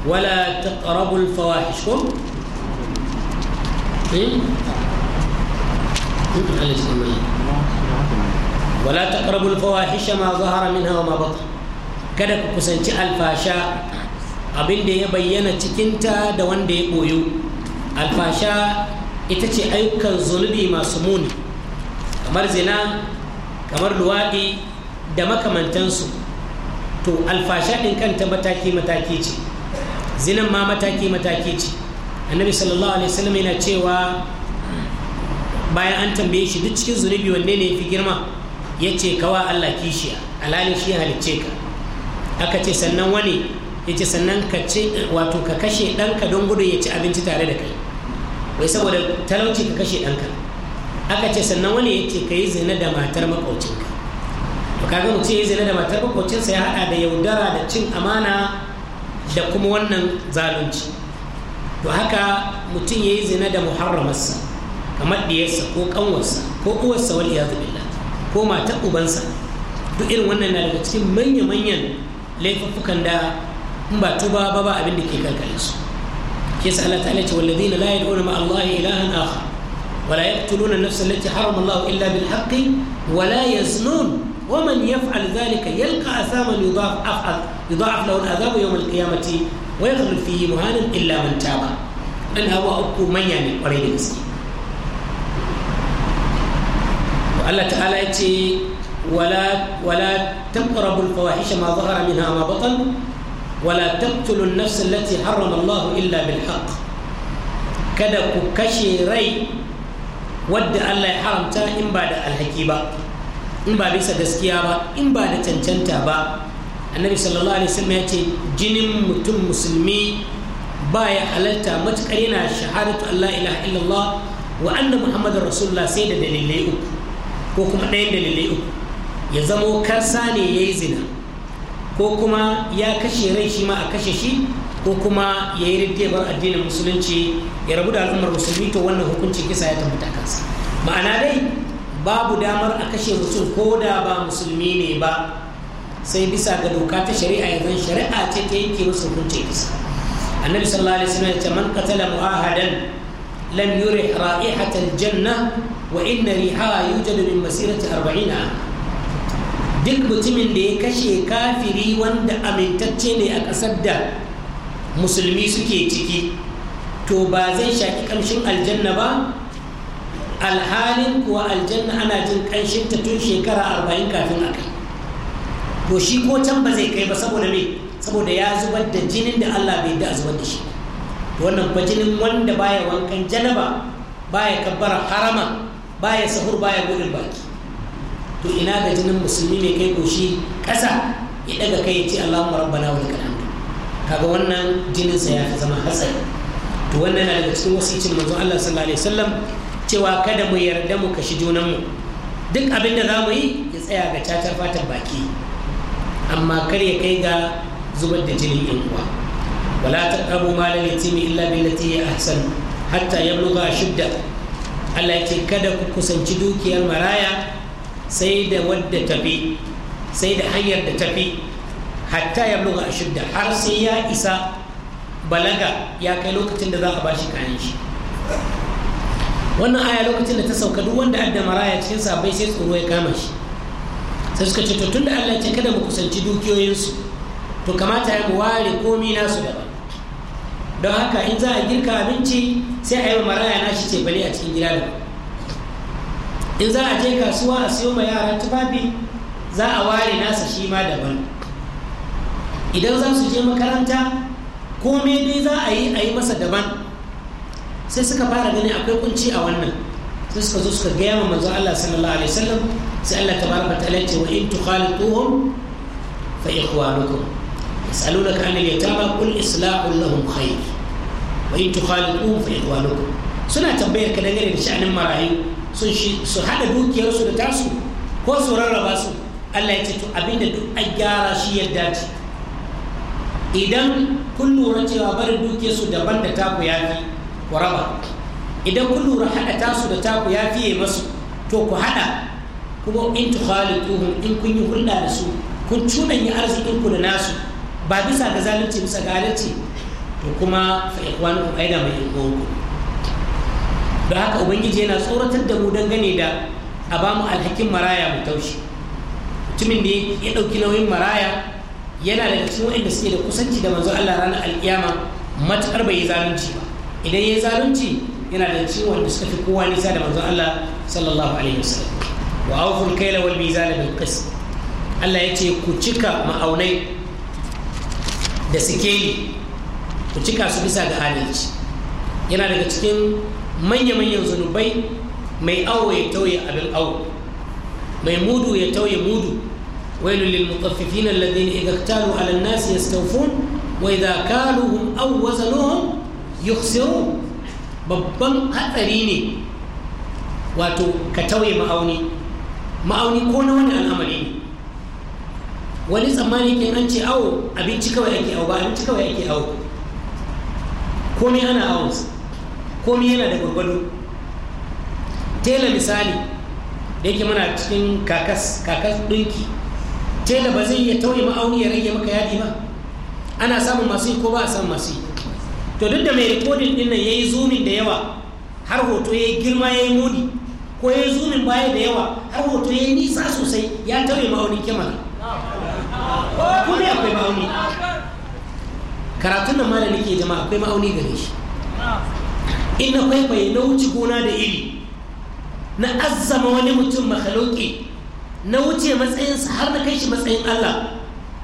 Speaker 1: wala taqrabu al fawahish ko ولا تقربوا ma ما ظهر hawa ma baka. kada ku kusanci alfasha abin da ya bayyana cikinta da wanda ya ɓoyo alfasha ita ce ayyukan zunubi masu muni kamar zina kamar luwaɗi da makamantansu to alfasha ɗin kanta mataki-mataki ce zinan ma mataki-mataki ce annabi sallallahu alaihi wasallam yana cewa bayan an tambaye shi duk cikin zunubi wanne ne fi girma ya ce kawa allah kishiya alhalin shi halicce ka aka ce sannan wani ya ce sannan ka ce wato ka kashe ɗanka don gudun ya ci abinci tare da kai wai saboda talauci ka kashe ɗanka aka ce sannan wani ya ce ka yi zina da matar maƙaucinka to kaga mutum ya yi zina da matar maƙaucinsa ya haɗa da yaudara da cin amana da kuma wannan zalunci to haka mutum ya yi zina da muharramarsa kamar diyarsa ko ƙanwarsa ko uwarsa wal iyadu billah ko matar ubansa duk irin wannan na daga cikin manya-manyan laifuffukan da in ba tuba ba ba abin da ke karkare su shi yasa Allah ta'ala ce wallazina la yad'una ma'a Allah ilahan akhar ولا يقتلون النفس التي حرم الله إلا بالحق ولا يزنون ومن يفعل ذلك يلقى أثاما يضاعف أفعل يضاعف له العذاب يوم القيامة ويخلد فيه مهانا إلا من تاب أن هو أكو ميان يعني وليد مسكين وقال تعالى يأتي ولا ولا تقربوا الفواحش ما ظهر منها ما بطن ولا تقتلوا النفس التي حرم الله إلا بالحق كذا كشي ري wadda Allah ya haramta in ba da alhaki ba in ba bisa gaskiya ba in ba da cancanta ba annabi sallallahu alaihi wasallam ya ce jinin mutum musulmi ba ya halarta matukar yana shahadatu Allah ilaha illallah wa anna muhammadar rasulullah sai da dalilai uku ko kuma ɗayan dalilai uku ya zamo karsa ne ya yi zina ko kuma ya kashe rai shi ma a kashe shi ko kuma ya yi riddebar addinin musulunci ya rabu da al'ummar musulmi to wannan hukuncin kisa ya tabbata kansa ma'ana dai babu damar a kashe mutum ko da ba musulmi ne ba sai bisa ga doka ta shari'a yanzu shari'a ce ta yanke musu hukuncin kisa annabi sallallahu alaihi wasallam ya ce man qatala mu'ahadan lam yurih ra'ihata aljanna wa inna riha yujadu min masirati 40 duk mutumin da ya kashe kafiri wanda amintacce ne a ƙasar da musulmi suke ciki to ba zai shaƙi ƙamshin aljanna ba alhalin kuwa aljanna ana jin ƙanshin ta tun shekara arba'in kafin a kai to shi ko can ba zai kai ba saboda me saboda ya zubar da jinin da allah bai da a zubar da shi wannan ba jinin wanda baya wankan janaba baya kabbara harama baya sahur baya gudun baki to ina da jinin musulmi mai kai koshi ƙasa ya daga kai ya ce Allahumma rabbana wa lakal hamd kaga wannan jinin sa ya fi zama hatsari to wannan na da cikin wasicin manzon Allah sallallahu alaihi wasallam cewa kada mu yarda mu kashi junan mu duk abin da za mu yi ya tsaya ga catar fatar baki amma kar ya kai ga zubar da jinin yan uwa wala taqrabu mal al-yatimi illa billati hi ahsan hatta yablugha shidda Allah ya ce kada ku kusanci dukiyar maraya sai da wadda tafi sai da hanyar da tafi hatta ya bluga ashidda har sai ya isa balaga ya kai lokacin da za a bashi kayan shi wannan aya lokacin da ta sauka duk wanda adda maraya cikin sabai sai tsoro ya kama shi sai suka ce to tunda Allah ce kada mu kusanci dukiyoyinsu to kamata ya mu ware komi nasu daban don haka in za a girka abinci sai a yi maraya nashi ce bale a cikin gida daban in za a je kasuwa a siyo ma yara tufafi za a ware nasa shi ma daban idan za su je makaranta komai dai za a yi a yi masa daban sai suka fara gani akwai kunci a wannan sai suka zo suka gaya ma manzo Allah sallallahu alaihi wasallam sai Allah ta ta'ala ya ce wa in tukhalituhum fa ikhwanukum yas'alunaka 'anil yatama qul islahun lahum khair wa in tukhalituhum fa ikhwanukum suna tambayar ka dangane da sha'anin marayu sun shi su haɗa dukiyarsu da tasu ko su rarraba su Allah ya ce to da duk a gyara shi yadda ce idan kun lura cewa barin dukiyarsu daban da taku ya fi ku raba idan kun lura haɗa tasu da taku ya fiye masu to ku haɗa kuma in tukhalituhum in kun yi hulɗa da su kun arzikin ku da nasu ba bisa ga zalunci bisa ga adalci to kuma fa ku aida mai ingonku da haka ubangiji yana tsoratar da mu dangane da a ba mu alhakin maraya mu taushe mutumin da ya ɗauki nauyin maraya yana da cikin waɗanda suke da kusanci da manzo Allah ranar alƙiyama matuƙar bai yi zalunci ba idan ya yi zalunci yana da cikin wa'anda suka fi kowa nisa da manzo Allah sallallahu alaihi wasallam wa awful kayla wal mizan bil qist Allah ya ce ku cika ma'aunai da sikeli ku cika su bisa ga adalci yana daga cikin manya-manyan zunubai mai awo ya tauye abin awo mai mudu ya tauye mudu wailul lil mutaffifin alladhina idha iktalu ala an-nasi yastawfun wa idha kaluhum aw wazanuhum yukhsirun babban hatsari ne wato ka tauye ma'auni ma'auni ko na wani al'amari ne wani tsammani ke an ce awo abinci kawai ake awo ba abinci kawai ake awo komai ana awonsa komi yana da gwargwado tela misali da yake muna cikin kakas kakas dinki tela ba zai iya tauye ma'auni ya rage maka yadi ba ana samun masu yi ko ba a samun masu yi to duk da mai rikodin din nan ya yi zumin da yawa har hoto ya yi girma ya yi muni ko ya yi zumin baya da yawa har hoto ya yi nisa sosai ya tauye ma'auni kyamara
Speaker 2: kuma akwai ma'auni
Speaker 1: karatun nan ma da nake jama'a akwai ma'auni gare shi ina kwaikwaye na wuce gona da iri na azzama wani mutum makhaloki na wuce matsayinsa har na kai shi matsayin Allah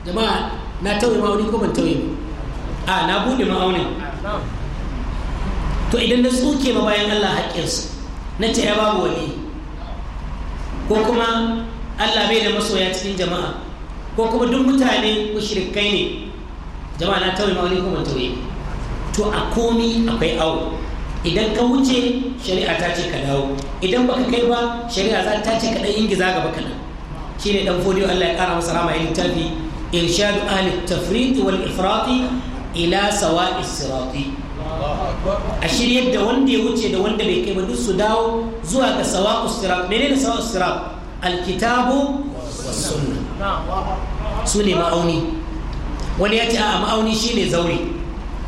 Speaker 1: jama'a na tauye ma'auni ko ban tauye ba a na ma ma'aunin to idan na tsuke ma bayan Allah haƙƙinsu na ce ya babu wani ko kuma Allah bai da masoya cikin jama'a ko kuma duk mutane shirkai ne jama'a na tauye ma'auni ko ban tauye to a komi akwai awo idan ka wuce shari'a ta ce ka dawo idan baka kai ba shari'a za ta ce ka dan ingiza gaba kaɗan shine dan fodiyo Allah ya kara masa rama ya littafi irshadu ahli tafriq wal ifrati ila sawa'i sirati a shiryar da wanda ya wuce da wanda bai kai ba duk su dawo zuwa ga sawa'u sirat menene sawa'u sirat alkitabu sunna su ne ma'auni wani ya ce a ma'auni shine zauri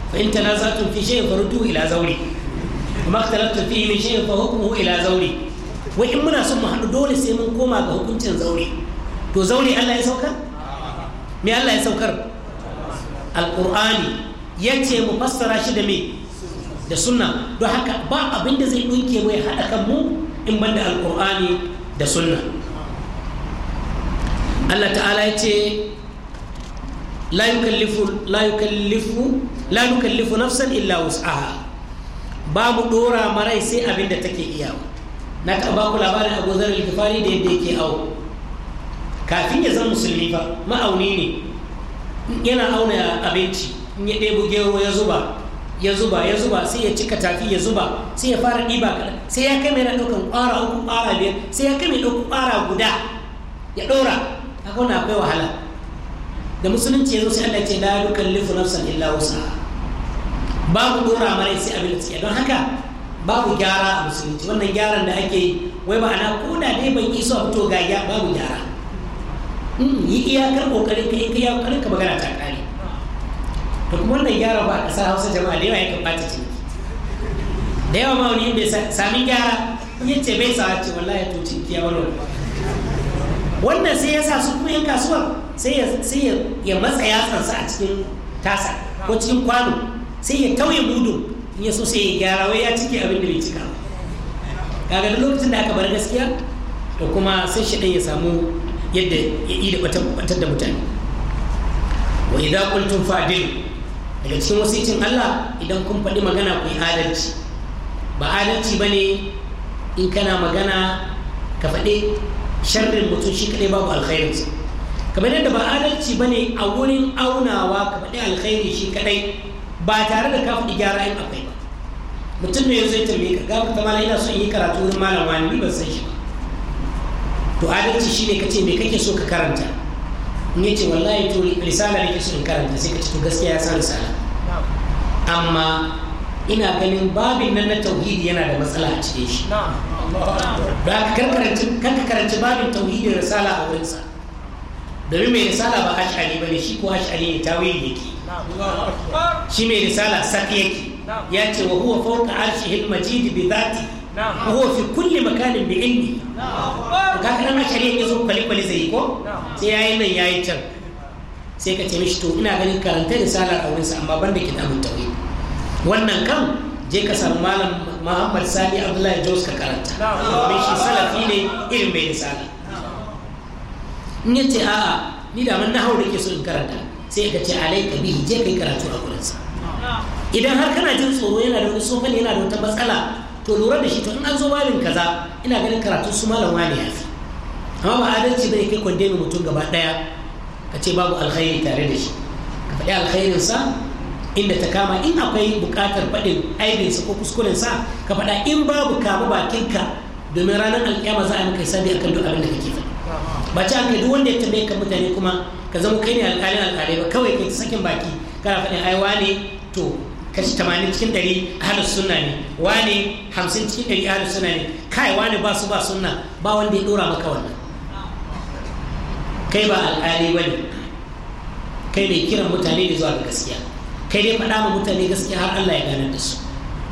Speaker 1: fa in tanaza'tum fi shay'in farudduhu ila zauri kuma ikhtalaftum fihi min shay'in fa hukmuhu ila zawri wai in muna son mu haɗu dole sai mun koma ga hukuncin zaure to zaure Allah ya saukar me Allah ya saukar alqur'ani yace mu fassara shi da me da sunna don haka ba abin da zai dunke mu ya haɗa kan mu in banda alqur'ani da sunna Allah ta'ala yace la yukallifu la yukallifu la yukallifu nafsan illa wus'aha ba mu dora marai sai abin da take iyawa na ba ku labarin abu zarar gifari da yadda yake awo kafin ya zama musulmi ba ma'auni ne yana auna abinci in ya ɗebo gero ya zuba ya zuba ya zuba sai ya cika tafi ya zuba sai ya fara ɗiba kaɗan sai ya kame na ɗaukan ƙwara uku ƙwara biyar sai ya kame ɗaukan ƙwara guda ya ɗora haka na akwai wahala da musulunci ya zo sai Allah ce dukkan yukallifu nafsan illa wusaha babu dora mara sai abin da don haka babu gyara a musulunci wannan gyaran da ake yi wai ba ko da dai ban iso a fito ga ya babu gyara hmm, yi iyakar kokarin ka yi, ka yawo karin ka magana ta kare to kuma wannan gyara ba a kasar hausa jama'a da yawa ya kamata ce da yawa ma wani yadda sami gyara ya ce bai sa ce wallahi ya cinki ya wani wannan sai ya sa su kuma yan kasuwar sai ya matsaya tsansa a cikin tasa ko cikin kwano sai ya tauye gudun in ya so sai ya gyara wai ya cike abin da bai cika ba kaga da lokacin da aka bar gaskiya to kuma sai shi ya samu yadda ya yi da batar da mutane wa idza qultum fa'dilu daga cikin wasitin Allah idan kun faɗi magana ku yi adalci ba adalci bane in kana magana ka faɗi sharrin mutum shi kaɗai babu alkhairinsa kamar yadda ba adalci bane a wurin aunawa ka faɗi alkhairi shi kaɗai ba tare da kafin da gyara yin akwai ba mutum ne zai tambaye ka gaba ta malam ina son yi karatu wurin malam wani ni ban san shi ba to adalci shi ka kace me kake so ka karanta in ce wallahi to risala ke so in karanta sai ka ce to gaskiya ya san risala amma ina ganin babin nan na tauhidi yana da matsala a cikin shi da ka karanci babin tauhidi risala a wurin sa, domin mai risala ba ash'ari ba ne shi ko ash'ari ne tawili yake shi mai risala saki yake ya ce wa huwa fawqa arshihil majid bi zati wa huwa fi kulli makalin bi ilmi
Speaker 2: ga kana na shari'a yazo kwali kwalikwali zai yi ko
Speaker 1: sai ya yi nan ya yi can sai ka ce mishi to ina ganin karanta risala a wurinsa amma banda kitabun tauhid wannan kan je ka samu malam Muhammad Sani Abdullahi Jos ka karanta mai shi salafi ne irin mai risala in yace a'a ni da na nahau ke so in karanta sai ka ce ka bi je kai karatu a gurinsa idan har kana jin tsoro yana da wani tsofani yana da wata matsala to lura da shi to in an zo malin kaza ina ganin karatu su malam wani ya fi amma ba adalci bai kai mu mutum gaba daya ka ce babu alkhairi tare da shi ka faɗi sa inda ta kama in akwai bukatar faɗin aibinsa ko kuskuren sa ka faɗa in babu kama bakinka domin ranar alƙiyama za a maka hisabi akan duk abin da kake faɗi ba ci hankali duk wanda ya tambaye ka mutane kuma ka zama kai ne alkalin alkalai ba kawai kai sakin baki kana faɗin ai wane to kashi tamanin cikin ɗari ahalus suna ne wane hamsin cikin ɗari ahalus suna ne kai wane ba su ba suna ba wanda ya ɗora maka wannan kai ba alkalai ba ne kai mai kiran mutane da zuwa ga gaskiya kai dai faɗa ma mutane gaskiya har Allah ya ganar da su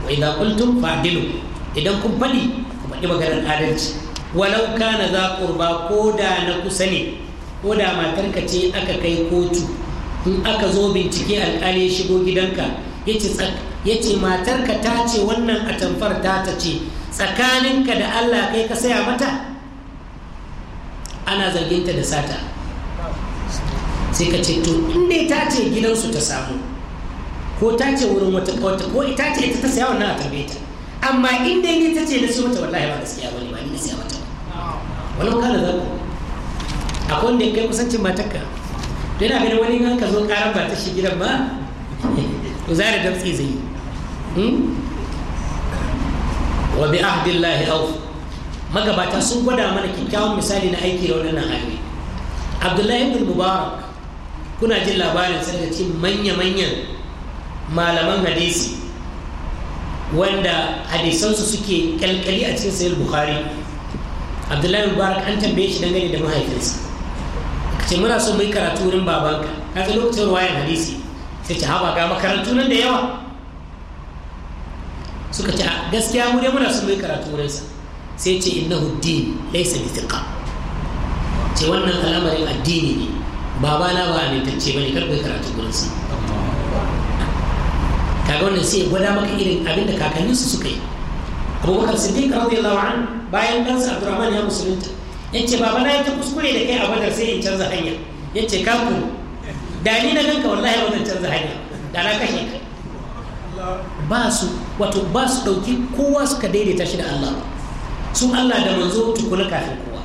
Speaker 1: wa idza qultum fa'dilu idan kun faɗi ku faɗi maganar adalci walau kana za ƙurba ko da na kusa ne ko da matarka ce aka kai kotu in aka zo bincike alƙali shigo gidanka ya ce matarka ta ce wannan tamfar ta ta ce tsakaninka da allah kai ka saya mata ana zarginta da sata sai ka ce to inda ta ce gidansu ta samu ko ta ce wurin wata kawata ko ita ce ita ta saya wannan a tarbe ta amma inda ne ta ce na su mata wallahi ba gaskiya ba ne ba ni na saya mata wani kala za ku akwai wanda ya kai kusancin matarka yana ganin wani hankali ka zo karan ba ta shi gidan ba. to za da damtsi zai hmm? wa bi ahdillahi auf magabata sun gwada mana kyakkyawan misali na aiki da waɗannan hanyoyi abdullahi ibn mubarak kuna jin labarin sai ce manya-manyan malaman hadisi wanda hadisansu suke kalkali a cikin sayar bukhari abdullahi mubarak an tambaye shi dangane da mahaifinsa ce muna so mu yi karatu wurin babanka ka ga lokacin ruwayan hadisi sai ce haba ga makarantu nan da yawa suka ce gaskiya mu dai muna so mu yi karatu wurinsa sai ce inna huddin laisa bithiqa ce wannan al'amarin addini ne babana ba amintacce bane kar kai karatu gurinsa kaga wannan sai ya gwada maka irin abin da kakanninsu suka yi abubakar siddiq radiyallahu anhu bayan ɗansa abdurrahman ya musulunta yace ce baba na ta kuskure da kai a badar sai in canza hanya yace ce ka da ni na ganka wallahi wannan canza hanya da na kashe ka ba su wato ba su ɗauki kowa suka daidaita shi da Allah sun Allah da manzo tukuna kafin kowa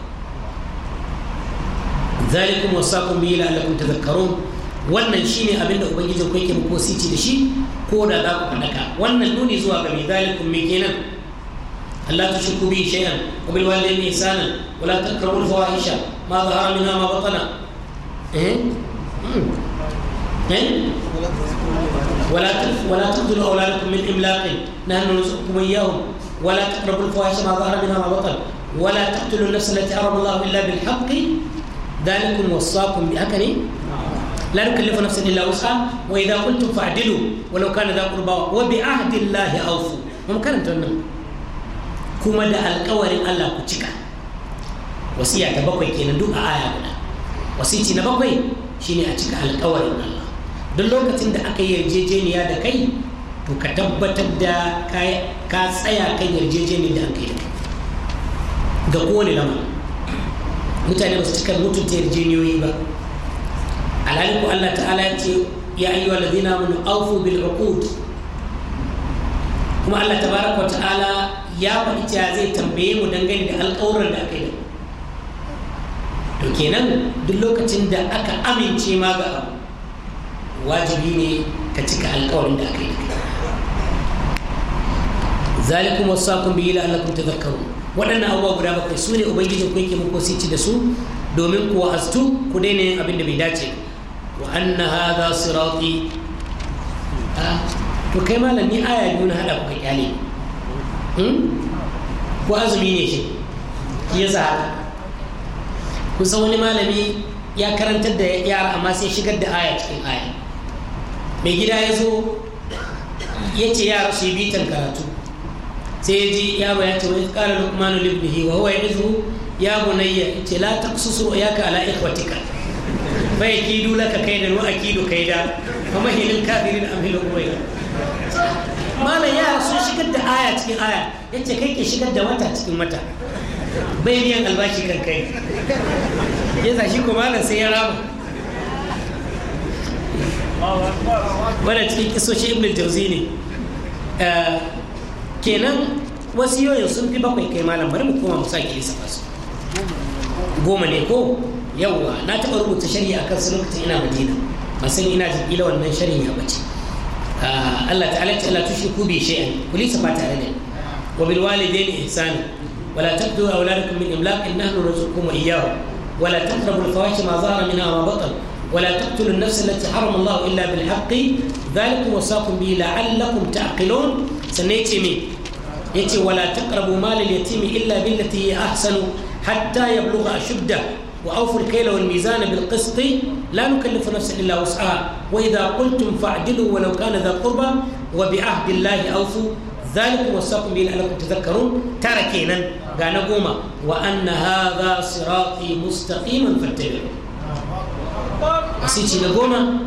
Speaker 1: zalikum wasaqum bihi ta tadhakkarun wannan shine abin da ubangijin ku yake muku da shi ko da za ku faɗaka wannan nuni zuwa ga zalikum me kenan ألا تشركوا به شيئا وبالوالدين إحسانا ولا تكرهوا الفواحش ما ظهر منها ما بطن إيه؟ إيه؟ ولا ولا تقتلوا أولادكم من إملاق نحن نرزقكم إياهم ولا تقربوا الفواحش ما ظهر منها ما بطن ولا تقتلوا النفس التي حرم الله إلا بالحق ذلكم وصاكم بهكذا لا نكلف نفسا الا وسعها واذا قلتم فاعدلوا ولو كان ذا قربى وبعهد الله اوفوا ممكن تنم kuma da alkawarin Allah ku cika wasiya ta bakwai kenan duk a aya guda wasici na bakwai shine a cika alkawarin Allah duk lokacin da aka yarjejeniya da kai to ka tabbatar da ka tsaya kan yarjejeniyar da aka yi da kai ga kowane mutane ba su cika mutunta yarjejeniyoyi ba alhali Allah ta'ala ya ce ya wa ladina amanu awfu bil kuma Allah tabaraka wa ta'ala ya faɗi cewa zai tambaye mu dangane da alƙawuran da aka yi to kenan duk lokacin da aka amince ma ga abu wajibi ne ka cika alƙawarin da aka yi zalikum wasakum bihi la'allakum tadhakkarun waɗannan abubuwa guda bakwai su ne ubangijin ku yake muku sici da su domin ku wa'aztu ku daina yin abin da bai dace wa anna hadha sirati ah, to kai malam ni aya biyu na hada ku ka kyale Hmm? ko azumi ne shi ya sa haka kusa wani malami ya karantar da yara amma sai shigar da aya cikin aya mai gida ya zo ya ce yara su yi bitan karatu sai ya ji yaro ya ce wani ƙara lukmanu libnihi wa huwa ya ya gunayya ce la so ya ka ala ikhwatika fa yakidu laka kaidan wa kai kaida kuma hilin kafirin amhilin umayya malam yara sun shigar da aya cikin aya ce kai ke shigar da wata cikin wata bai biyan albashi kan kai ya shi ko malam sai ya rama wanda cikin kisoshi ibn jauzi ne eh, kenan wasu yoyin sun fi bakwai kai malam bari mu koma mu sake isa su goma ne ko yawwa na taɓa rubuta shari'a kan su lokacin ina madina ba san ina jin ila wannan shari'a ya bace Ah, Allah ta'ala ta Allah tushriku bi shay'an ku lisa ba tare ne wa bil walidayni ihsana wa la tabdu awladakum min imlaq in nahnu narzuqukum wa iyyahum wa la taqrabu al fawahisha ma zahara minha wa batan wa la taqtulu an nafsa allati harama Allah illa bil haqqi dhalikum wasaqum bi la'allakum ta'qilun sannan yace me yace wa la taqrabu mal al yatimi illa billati hi ahsanu hatta yablugha ashuddah وأوفوا الكيل والميزان بالقسط لا نكلف نفسا إلا وسعها وإذا قلتم فاعدلوا ولو كان ذا قربى وبعهد الله أوفوا ذلك وصاكم به لعلكم تذكرون تركينا قال قوما وأن هذا صراطي مستقيما فاتبعوه وسيتي قوما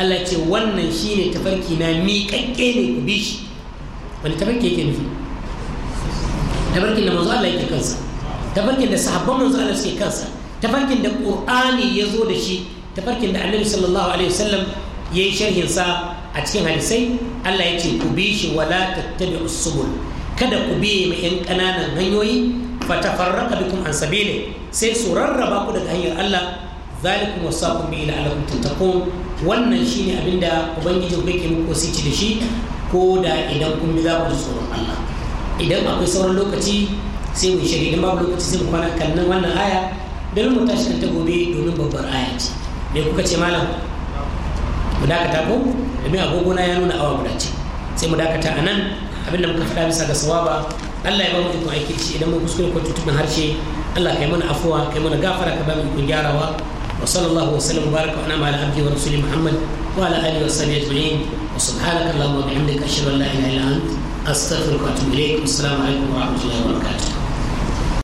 Speaker 1: Allah ce wannan shine tafarki na miƙaƙƙe ne ku bi shi wani tafarki yake nufi tafarkin da manzo Allah yake kansa tafarkin da sahabban manzo Allah suke kansa tafarkin da ƙur'ani ya zo da shi tafarkin da annabi sallallahu alaihi wasallam ya yi sa a cikin hadisai allah ya ce ku bi shi wala tattabi kada ku bi mai yan ƙananan hanyoyi fatafarraka bikum an sabili sai su rarraba ku daga hanyar allah zalikum wasakum bi ila alakum tattaqun wannan shine abinda ubangiji ku yake muku sici da shi ko da idan kun bi za ku tsoron allah idan akwai sauran lokaci sai mu shirye idan babu lokaci sai mu kwana kan nan wannan aya domin mu tashi ta gobe domin babbar aya ce me kuka ce malam mu dakata ko domin agogona ya nuna awa guda ce sai mu dakata a nan abinda muka faɗa bisa ga sawaba Allah ya ba mu ikon aiki shi idan mun kuskure ko tutubin harshe Allah kai mana afuwa kai mana gafara ka ba mu ikon gyarawa wa sallallahu wa sallam baraka wa anama ala abdi wa rasuli muhammad wa ala alihi
Speaker 2: wa sahbihi ajma'in wa subhanaka allahumma wa bihamdika ashhadu an la ilaha illa anta astaghfiruka wa atubu ilayk assalamu alaikum wa rahmatullahi wa barakatuh